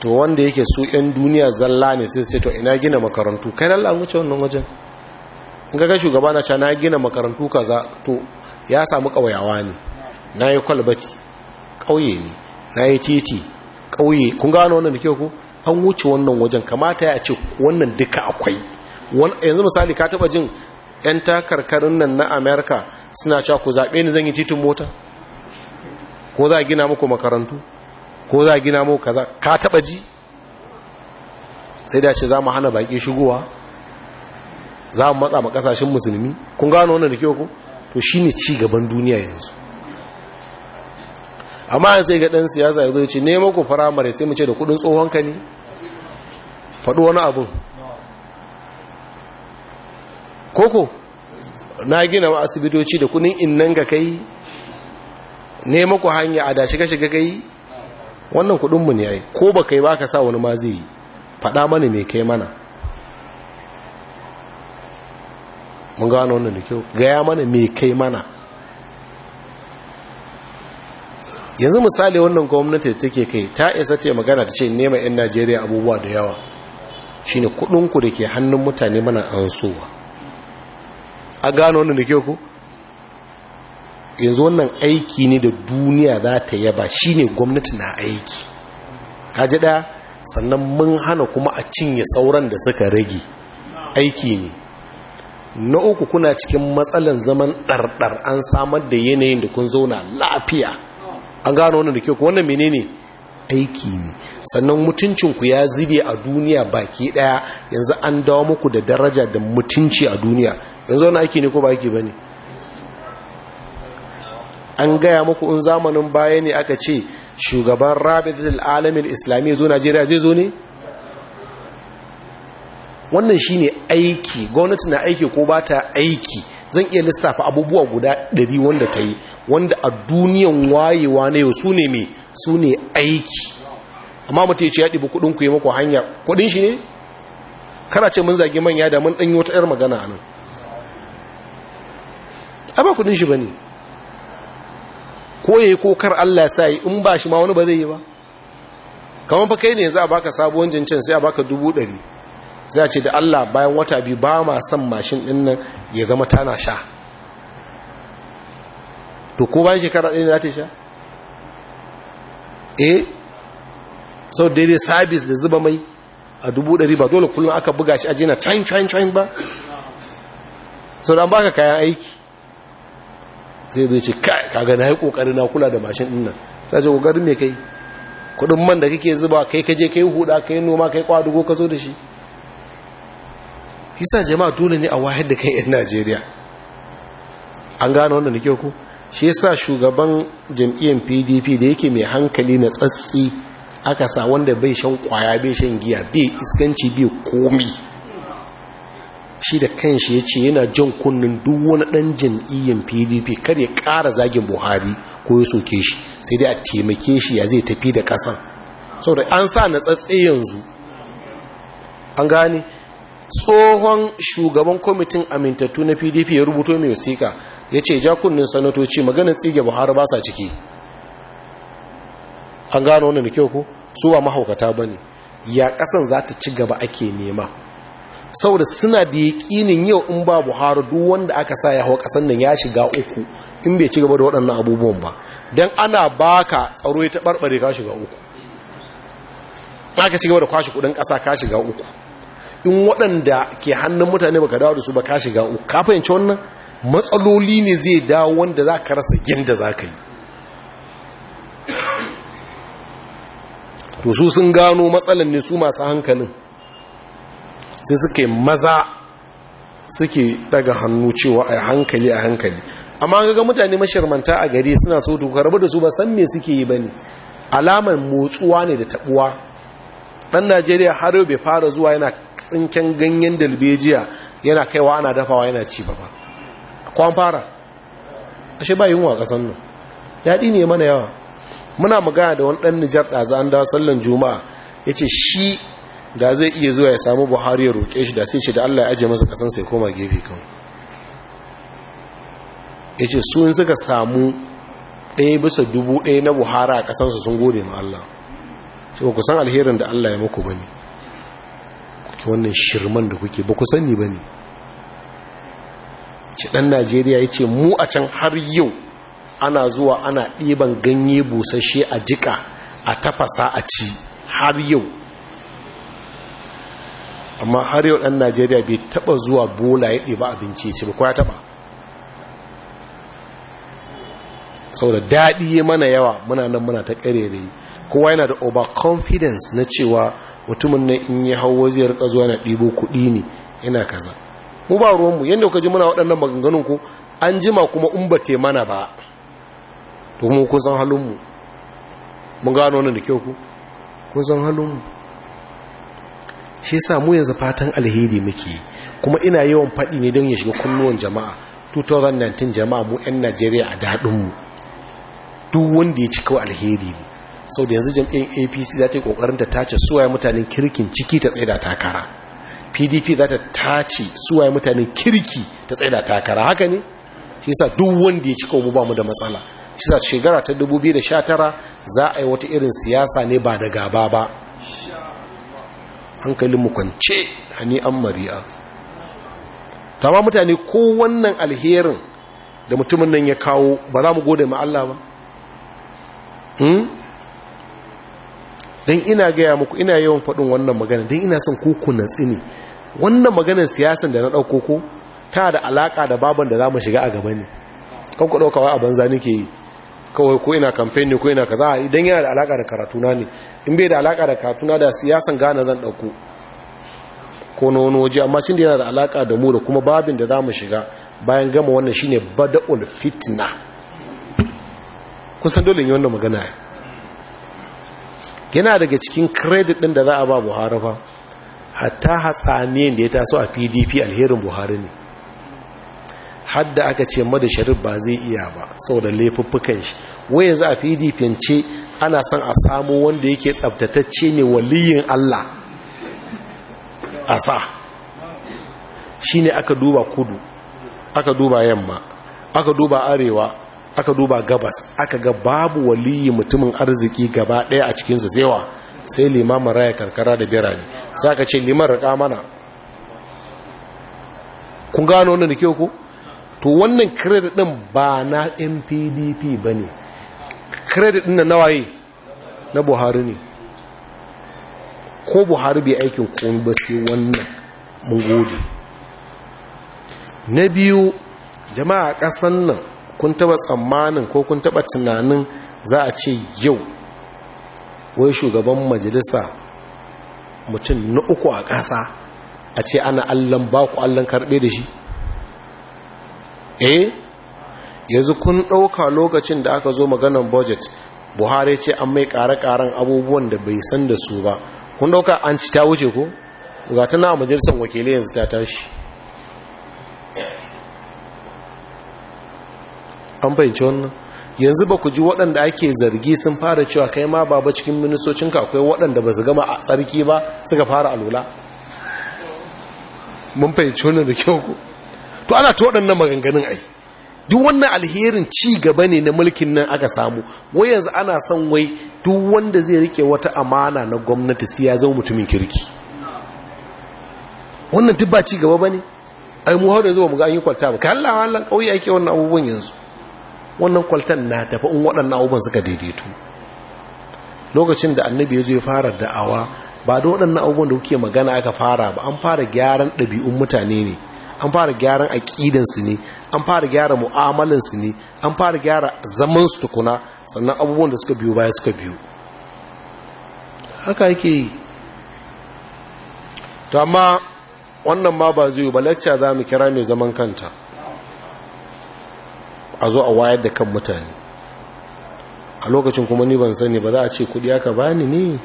to wanda yake su 'yan duniya zalla ne sai sai to ina gina makarantu kai lalla an wuce wannan wajen in ga shugaba na na gina makarantu kaza to ya samu ƙauyawa ne na yi kwalbati ƙauye ne na yi titi ƙauye kun gano wannan da kyau ku an wuce wannan wajen kamata ya ce wannan duka akwai yanzu misali ka taba jin 'yan takarkarin nan na amerika suna cewa ku zaɓe ni zan yi titin mota ko za a gina muku makarantu ko za a gina muku kaza ka taɓa ji sai da ce za mu hana baƙi shigowa za mu matsa ma ƙasashen musulmi kun gano wannan da kyau ku to shi ne cigaban duniya yanzu amma yanzu sai ga ɗan siyasa ya zo ce ne maku firamare sai mu ce da kuɗin tsohonka ne faɗi wani abin koko na gina asibitoci da kunin innan ga kai ne maku hanya a da shiga-shiga kai wannan kudinmu ne yayi ko ba kai ba ka sa wani ma zai yi faɗa mana mai kai mana mun gano wannan da kyau gaya mana mai kai mana yanzu misali wannan gwamnati da take kai ta isa ce magana ta ce nema 'yan najeriya abubuwa da yawa shine kudinku da ke hannun mutane mana an sowa a gano wannan da ke ku yanzu wannan aiki ne da duniya za ta yaba shine gwamnati na aiki kaji ɗaya sannan mun hana kuma a cinye sauran da suka rage aiki ne na uku kuna cikin matsalan zaman ɗarɗar an samar da yanayin da kun zauna lafiya an gano wannan da ke ku wannan menene aiki ne sannan mutuncinku ya zibe a duniya baki ɗaya yanzu an dawo muku da daraja da mutunci a duniya yanzu wani aiki ne ko ba aiki ba ne an gaya muku in zamanin baya ne aka ce shugaban rabitul alamin islami zo najeriya zai zo ne wannan shi ne aiki gwamnati na aiki ko ba ta aiki zan iya lissafa abubuwa guda ɗari wanda ta yi wanda a duniyan wayewa na yau su ne mai su ne aiki amma mutum ya ce ya ɗibi kuɗin ku yi maku hanya kuɗin shi ne kana ce mun zagi manya da mun ɗanyo ta 'yar magana nan a ba kudin shi ba ne ko ya yi ko kar Allah sa yi in ba shi ma wani ba zai yi ba kamar fa kai ne za a baka sabuwan jincin sai a baka dubu ɗari za ce da Allah bayan wata biyu ba ma son mashin ɗin nan ya zama tana sha to ko bayan shekara ɗaya ne za ta sha eh sau daidai sabis da zuba mai a dubu ɗari ba dole kullum aka buga shi a jina cain cain cain ba sau da an baka kayan aiki zai zai ce kaga na yi kokari na kula da mashin ɗin sai ce kokari me kai kudin man da kake zuba kai kaje kai huda kai noma kai kwadugo ka zo da shi yasa jama'a dole ne a wayar da kai yan Najeriya an gano wannan da kyau ku shi yasa shugaban jam'iyyar PDP da yake mai hankali na tsatsi aka sa wanda bai shan kwaya bai shan giya bai iskanci bai komi shi da kanshi ya ce yana jan kunnen duk wani ɗan jam'iyyar pdp kar ya ƙara zagin buhari ko ya soke shi sai dai a taimake shi ya zai tafi da ƙasan saboda an sa na tsatse yanzu an gane tsohon shugaban kwamitin amintattu na pdp ya rubuto mai wasiƙa ya ce ja kunnin sanatoci maganin tsige buhari ba sa ciki an gano wannan da kyau ko su ba mahaukata ba ne ya ƙasan za ta ci gaba ake nema saboda suna da ƙinin yau in ba buhari duk wanda aka sa ya hau ƙasar nan ya shiga uku in bai ci gaba da waɗannan abubuwan ba don ana baka tsaro ya taɓarɓare ka shiga uku aka ci gaba da kwashe kuɗin ƙasa ka shiga uku in waɗanda ke hannun mutane baka dawo da su ba ka shiga uku ka fahimci wannan matsaloli ne zai dawo wanda za ka rasa yadda za ka yi to su sun gano matsalan ne su masu hankalin sai suke maza suke daga hannu cewa a hankali a hankali amma ga ga mutane mashirmanta a gari suna so to karbu da su ba san me suke yi bane alaman motsuwa ne da tabuwa dan Najeriya har yau bai fara zuwa yana tsinken ganyen dalbejiya yana kaiwa ana dafawa yana ci ba ba kwan fara ashe ba yunwa kasan nan daɗi ne mana yawa muna magana da wani dan nijar da an dawo sallan juma'a yace shi da zai iya zuwa ya samu buhari ya roƙe shi da sai ce da allah ya ajiye masa kasan sai koma gefe kan ya ce sun suka samu ɗaya bisa dubu ɗaya na buhari a kasansa sun gode ma allah ce ba ku san alherin da allah ya muku ba ne kuke wannan shirman da kuke ba ku sani ba ne ce ɗan najeriya ya ce mu a can har yau ana zuwa ana ɗiban ganye busasshe a jika a tafasa a ci har yau amma har yau ɗan najeriya bai taɓa zuwa bola ya ɗiba abinci ce ba kwaya taɓa sau da daɗi mana yawa muna nan muna ta ƙarere kowa yana da over confidence na cewa mutumin na in yi hawa zai rika zuwa na ɗibo kuɗi ne yana kaza mu ba ruwanmu yadda kuka ji muna waɗannan maganganun ku an jima kuma in te mana ba to kuma kun san halinmu mun gano nan da kyau ku kun san halinmu shi yasa mu yanzu fatan alheri muke kuma ina yawan faɗi ne don ya shiga kunnuwan jama'a 2019 jama'a mu 'yan najeriya a daɗinmu duk wanda ya cika alheri ne sau da yanzu jam'iyyar apc za ta yi ƙoƙarin ta tace suwaye mutanen kirkin ciki ta tsaida takara pdp za ta tace suwaye mutanen kirki ta tsaida takara haka ne shi yasa duk wanda ya cika mu ba mu da matsala shi yasa shekara ta 2019 za a yi wata irin siyasa ne ba da gaba ba hankalin mu kwance ani an mari'a ma mutane ko wannan alherin da mutumin nan ya kawo ba za mu gode ma Allah ba hmm? don ina gaya muku ina yawan faɗin wannan magana don ina son kuku na tsini wannan maganar siyasan da na ɗauko ko ta da alaƙa da baban da za mu shiga a gaba ne kan ku a banza nake yi kawai ko ina kamfani ko ina kaza idan yana da alaka da karatuna ne in bai da alaka da karatuna da siyasan gana zan ɗauko ko na wani waje amma shi da yana da alaka da mu da kuma babin da za mu shiga bayan gama wannan shi shine bada'ul fitna kusan dole ne wannan magana yana daga cikin kredit din da za a ba buhari fa hatta hatsaniyar da ya taso a pdp alherin buhari ne hadda aka ce mada sharif ba zai iya ba saboda laifuffukan shi wai yanzu a pdp ce ana son a samu wanda yake tsabtatacce ne waliyin allah a sa shi ne aka duba kudu aka duba yamma aka duba arewa aka duba gabas aka ga babu waliyi mutumin arziki gaba ɗaya a cikinsa zewa sai limamin raya karkara da birane sai ka ce liman rika mana kun gano wannan da kyau ku to wannan credit din ba na mpdp ba ne credit din na nawaye na buhari ne ko buhari bai aikin komi ba sai wannan mun na biyu jama'a ƙasan nan kun taba tsammanin ko kun taba tunanin za a ce yau wai shugaban majalisa mutum na uku a ƙasa a ce ana allon baku allon karɓe da shi eh yanzu kun ɗauka lokacin da aka zo maganan budget buhari ce an mai ƙare-ƙaren abubuwan da bai san da su ba kun ɗauka an ci ta wuce ko ga ta na majalisar wakilai yanzu ta tashi an fahimci wannan yanzu ba ku ji waɗanda ake zargi sun fara cewa kai ma baba cikin ka akwai waɗanda ba su gama a tsarki ba suka fara alula mun fahimci wannan da kyau ku to ana ta waɗannan maganganun ai duk wannan alherin ci gaba ne na mulkin nan aka samu wai yanzu ana son wai duk wanda zai rike wata amana na gwamnati sai ya zama mutumin kirki wannan duk ba ci gaba bane ai mu haure zuwa mu ga an yi kwalta ba kalla wannan kauye ake wannan abubuwan yanzu wannan kwaltan na tafi in waɗannan abubuwan suka daidaito lokacin da annabi ya zo ya fara da'awa ba da waɗannan abubuwan da kuke magana aka fara ba an fara gyaran ɗabi'un mutane ne an fara gyaran su ne an fara gyara mu'amalansu ne an fara gyara su tukuna sannan abubuwan da suka biyu baya suka biyu. haka yake yi to amma wannan ma ba zai ba lecture za mu kira mai zaman kanta a zo a wayar da kan mutane a lokacin kuma ni ban sani ba za a ce kudi aka bani ne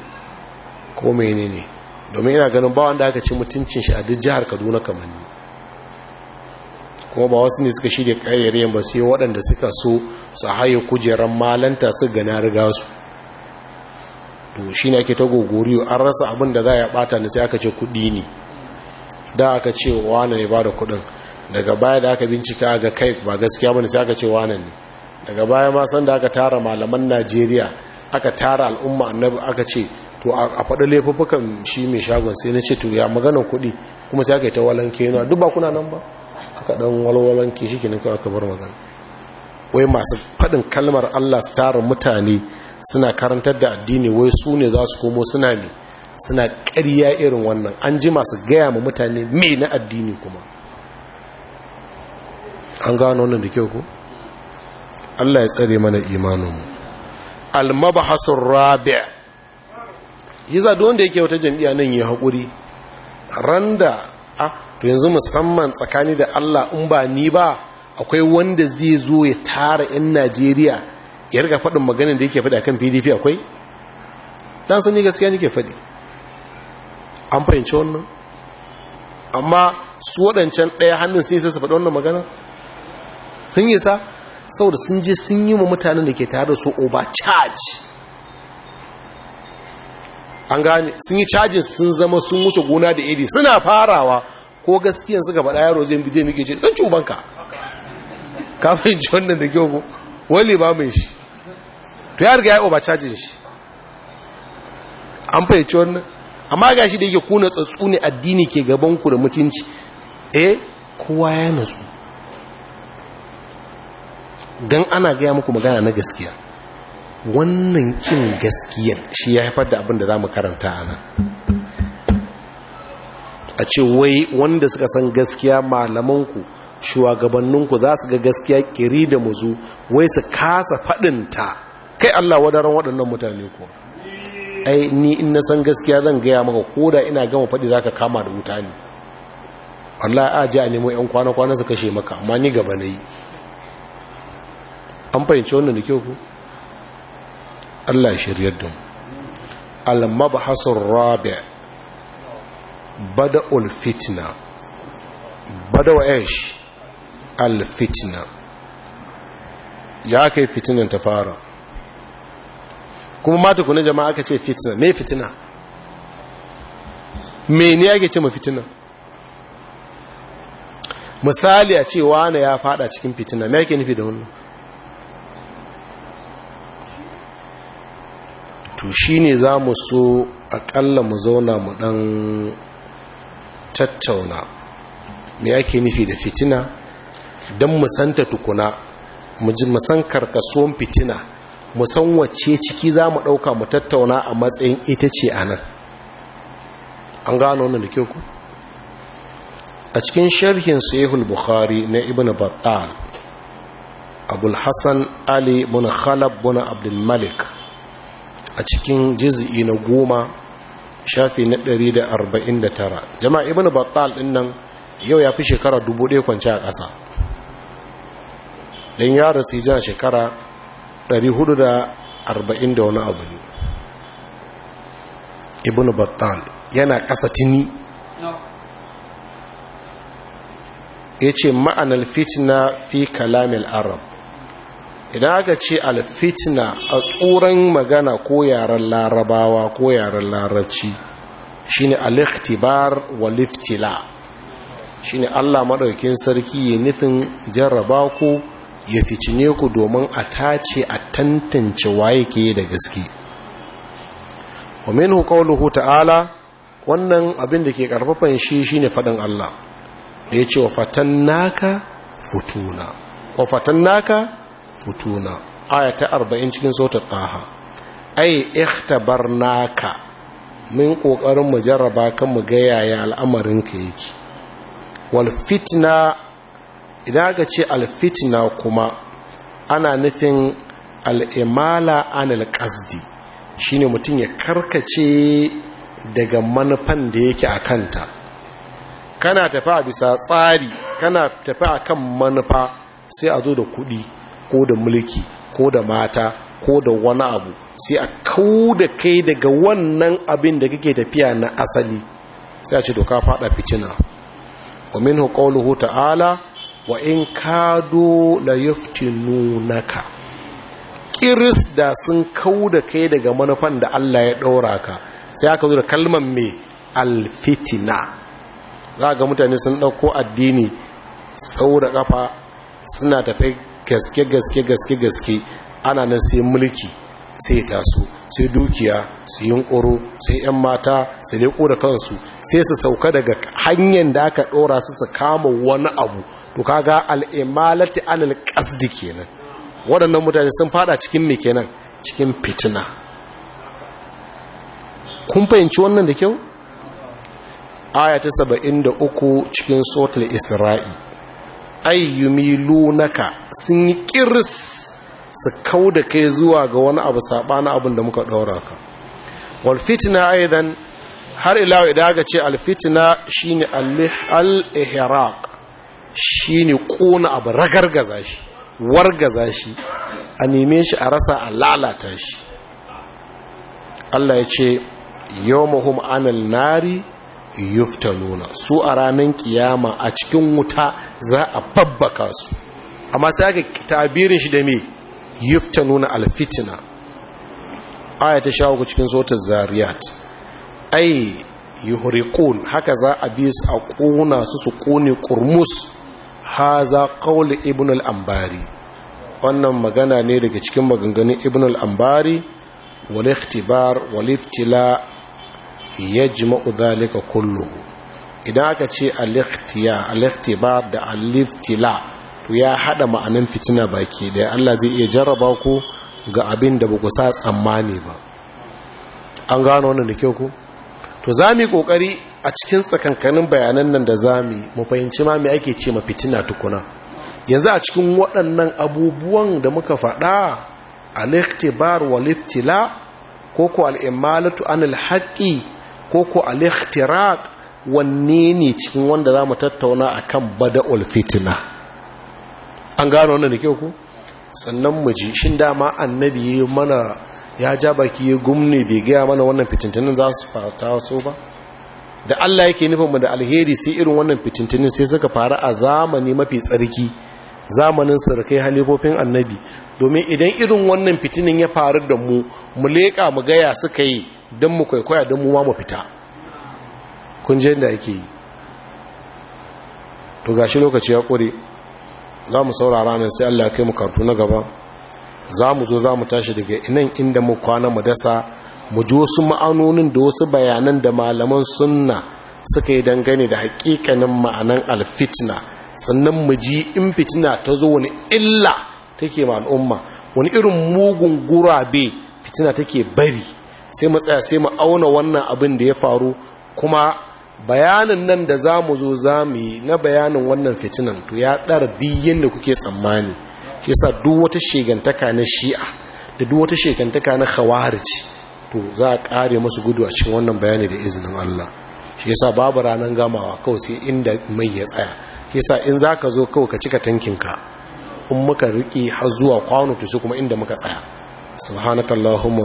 ko mene ne domin ina ganin ba wanda aka ce mutuncin shi a duk jihar kaduna kamanni kuma ba wasu ne suka shirya ƙayyarayen ba sai waɗanda suka so su haye kujerar malanta su gana riga su to shi ne ake ta gogoriyo an rasa abin da za a ɓata ne sai aka ce kuɗi ne da aka ce wane ne ba da kuɗin daga baya da aka bincika ga kai ba gaskiya ba ne sai aka ce wane ne daga baya ma san da aka tara malaman najeriya aka tara al'umma annabi aka ce to a faɗi laifuffukan shi mai shagon sai na ce to ya magana kuɗi kuma sai aka yi ta walanke duk ba kuna nan ba aka dan walwalan ki shi kenan kawai aka bar magana wai masu faɗin kalmar Allah su tara mutane suna karantar da addini wai su ne za su komo suna ne suna ƙarya irin wannan an ji masu gaya ma mutane me na addini kuma an gano wannan da kyau ku Allah ya tsare mana imaninmu al Rabi'a. rabi' yiza da wanda yake wata jami'a nan ya haƙuri randa a to yanzu musamman tsakani da Allah in ba ni ba akwai wanda zai zo ya tara 'yan Najeriya ya riga faɗin maganin da yake faɗi akan PDP akwai dan sani gaskiya nake faɗi an fahimci wannan amma su waɗancan ɗaya hannun sun yi sa su faɗi wannan magana sun yi sa saboda sun je sun yi ma mutanen da ke tare da su overcharge an gane sun yi cajin sun zama sun wuce gona da iri suna farawa ko gaskiyan suka faɗa yaro zai bude muke ce ɗan cubanka ka fahimci wannan da kyau ko wali ba mai shi to ya riga ya oba cajin shi an fahimci wannan amma ga shi da yake kuna tsatsu ne addini ke gaban ku da mutunci eh kowa ya nasu Don ana gaya muku magana na gaskiya wannan kin gaskiyan shi ya haifar da abin da za mu karanta a nan a ce wai wanda suka san gaskiya malamanku shugabanninku za su ga gaskiya kiri da muzu wai su kasa faɗinta kai Allah wadaran waɗannan mutane ko ai ni in na san gaskiya zan gaya maka ko da ina gama faɗi za ka kama da wuta ne Allah a ji a nemo 'yan kwana-kwana su kashe maka amma ni gaba na yi an fahimci wannan da kyau ku Allah shiryar Alamma al-mabhasur rabi' bada'ul fitna badawa ash al fitna ya kai fitinan ta fara kuma mata kuna jama'a aka ce fitna me fitina me ne ake ce ma fitina misali a ce wane ya fada cikin fitina me ake nufi da wannan to shine za mu so aƙalla mu zauna mu ɗan. tattauna me ake nufi da fitina don musanta tukuna musan karkasuwan fitina musan wacce ciki za mu ɗauka mu tattauna a matsayin ita ce a nan an gano wannan da ke ku a cikin sharhin sahihul bukhari na ibn battal abul hassan ali bin khalab bin abdul malik a cikin juz'i na goma shafi na ɗari da da arba'in tara jama'a Ibn battal din nan yau ya fi shekara 1000 kwance a ƙasa dan ya rasu jan shekara 440 da wani abu ne ibnu battal yana ƙasa tini ce ma'anar fitina fi kalamil arab idan aka ce alfitna a tsoron magana ko yaren larabawa ko yaren larabci shine aliktibar wa wal shine Allah maɗaukin sarki ya nufin jarraba ku ya fitine ku domin a tace a tantance waye ke da gaske wa minhu qawluhu ta'ala wannan abin da ke karfafan shi shine faɗin Allah da yace wa fatannaka futuna wa fatannaka yasqutuna aya ta arba'in cikin sautar taha ai ikhtabarnaka min kokarin mu jarraba kan mu ga yaya al'amarin ka yake wal fitna idan aka ce al kuma ana nufin al'imala anil ƙasdi shi ne mutum ya karkace daga manufan da yake a kanta kana tafi bisa tsari kana tafi akan manufa sai a zo da kuɗi ko da mulki ko da mata ko da wani abu sai a kau da kai daga wannan abin da kake tafiya na asali sai a ce doka fada fitina wa minhu qawluhu ta'ala wa in kado la yaftinunaka kiris da sun kau da kai daga manufan da Allah ya ɗora ka sai aka zo da kalmar mai alfitina za ga mutane sun ɗauko addini sau da ƙafa suna tafai gaske gaske gaske gaske ana nan sai mulki sai taso sai dukiya su yunkuro sai yan mata su leko da kansu sai su sauka daga hanyar da aka ɗora su su kama wani abu to kaga al'imalati anil qasdi kenan waɗannan mutane sun fada cikin me kenan cikin fitina kun fahimci wannan da kyau aya ta 73 cikin sotar isra'i ayyumilunaka sun yi kiris su kau da kai zuwa ga wani abu na abin da muka ɗaura ka wal fitna aidan har ilawa idan aka ce alfitina shi ne al-ihraq ne kona abu ragargaza shi wargaza shi a neme shi a rasa a lalata shi Allah ya ce mahum anal nari yuftanuna su a ranar kiyama a cikin wuta za a babbaka su amma sai aka tabirin shi da me yuftanuna alfitina aya ta sha uku cikin sotar zariyat ai yuhriqun haka za a bi su a ƙuna su su ƙone kurmus haza qawli ibn al-ambari wannan magana ne daga cikin maganganun ibn al-ambari wal ikhtibar wal iftila yajma'u dhalika zalika kulluhu idan aka ce al aliftibar da aliftila to ya hada ma'anin fitina baki daya Allah zai iya jarraba ku ga abin da baku sa tsammani ba an gano wannan da kyau ku to za mu kokari a cikin tsakankanin bayanan nan da za mu fahimci ma me ake ce ma fitina tukuna yanzu a cikin waɗannan abubuwan da muka faɗa al-ikhtibar wal iftila ko ko al-imalatu anil haqqi ko ko al-ikhtiraq wanne ne cikin wanda za mu tattauna akan bada'ul fitna an gano wannan da kyau ku sannan mu ji shin dama annabi mana ya ja baki ya gumne bai gaya mana wannan fitintinin za su fata so ba da Allah yake nufin mu da alheri sai irin wannan fitintinin sai suka fara a zamani mafi tsarki zamanin sarkai halifofin annabi domin idan irin wannan fitinin ya faru da mu mu leƙa mu gaya suka yi don mu kwaikwaya don mu ma mu fita kun je da ake yi to gashi lokaci ya ƙure za mu saurara nan sai Allah kai mu karfu na gaba za mu zo za mu tashi daga nan inda mu kwana mu dasa mu ji wasu ma'anonin da wasu bayanan da malaman sunna suka yi dangane da haƙiƙanin ma'anan alfitna sannan mu ji in fitina ta zo wani illa take ma al'umma wani irin mugun gurabe fitina take bari sai mu tsaya sai mu auna wannan abin da ya faru kuma bayanin nan da za mu zo za mu yi na bayanin wannan fitinan to ya ɗara biyan da kuke tsammani shi sa duk wata shegantaka na shi'a da duk wata shegantaka na khawarij to za a ƙare masu gudu a cikin wannan bayani da izinin Allah shi sa babu ranar gamawa kawai sai inda mai ya tsaya shi sa in za ka zo kawai ka cika tankinka in muka riƙe har zuwa kwano to sai kuma inda muka tsaya subhanakallahumma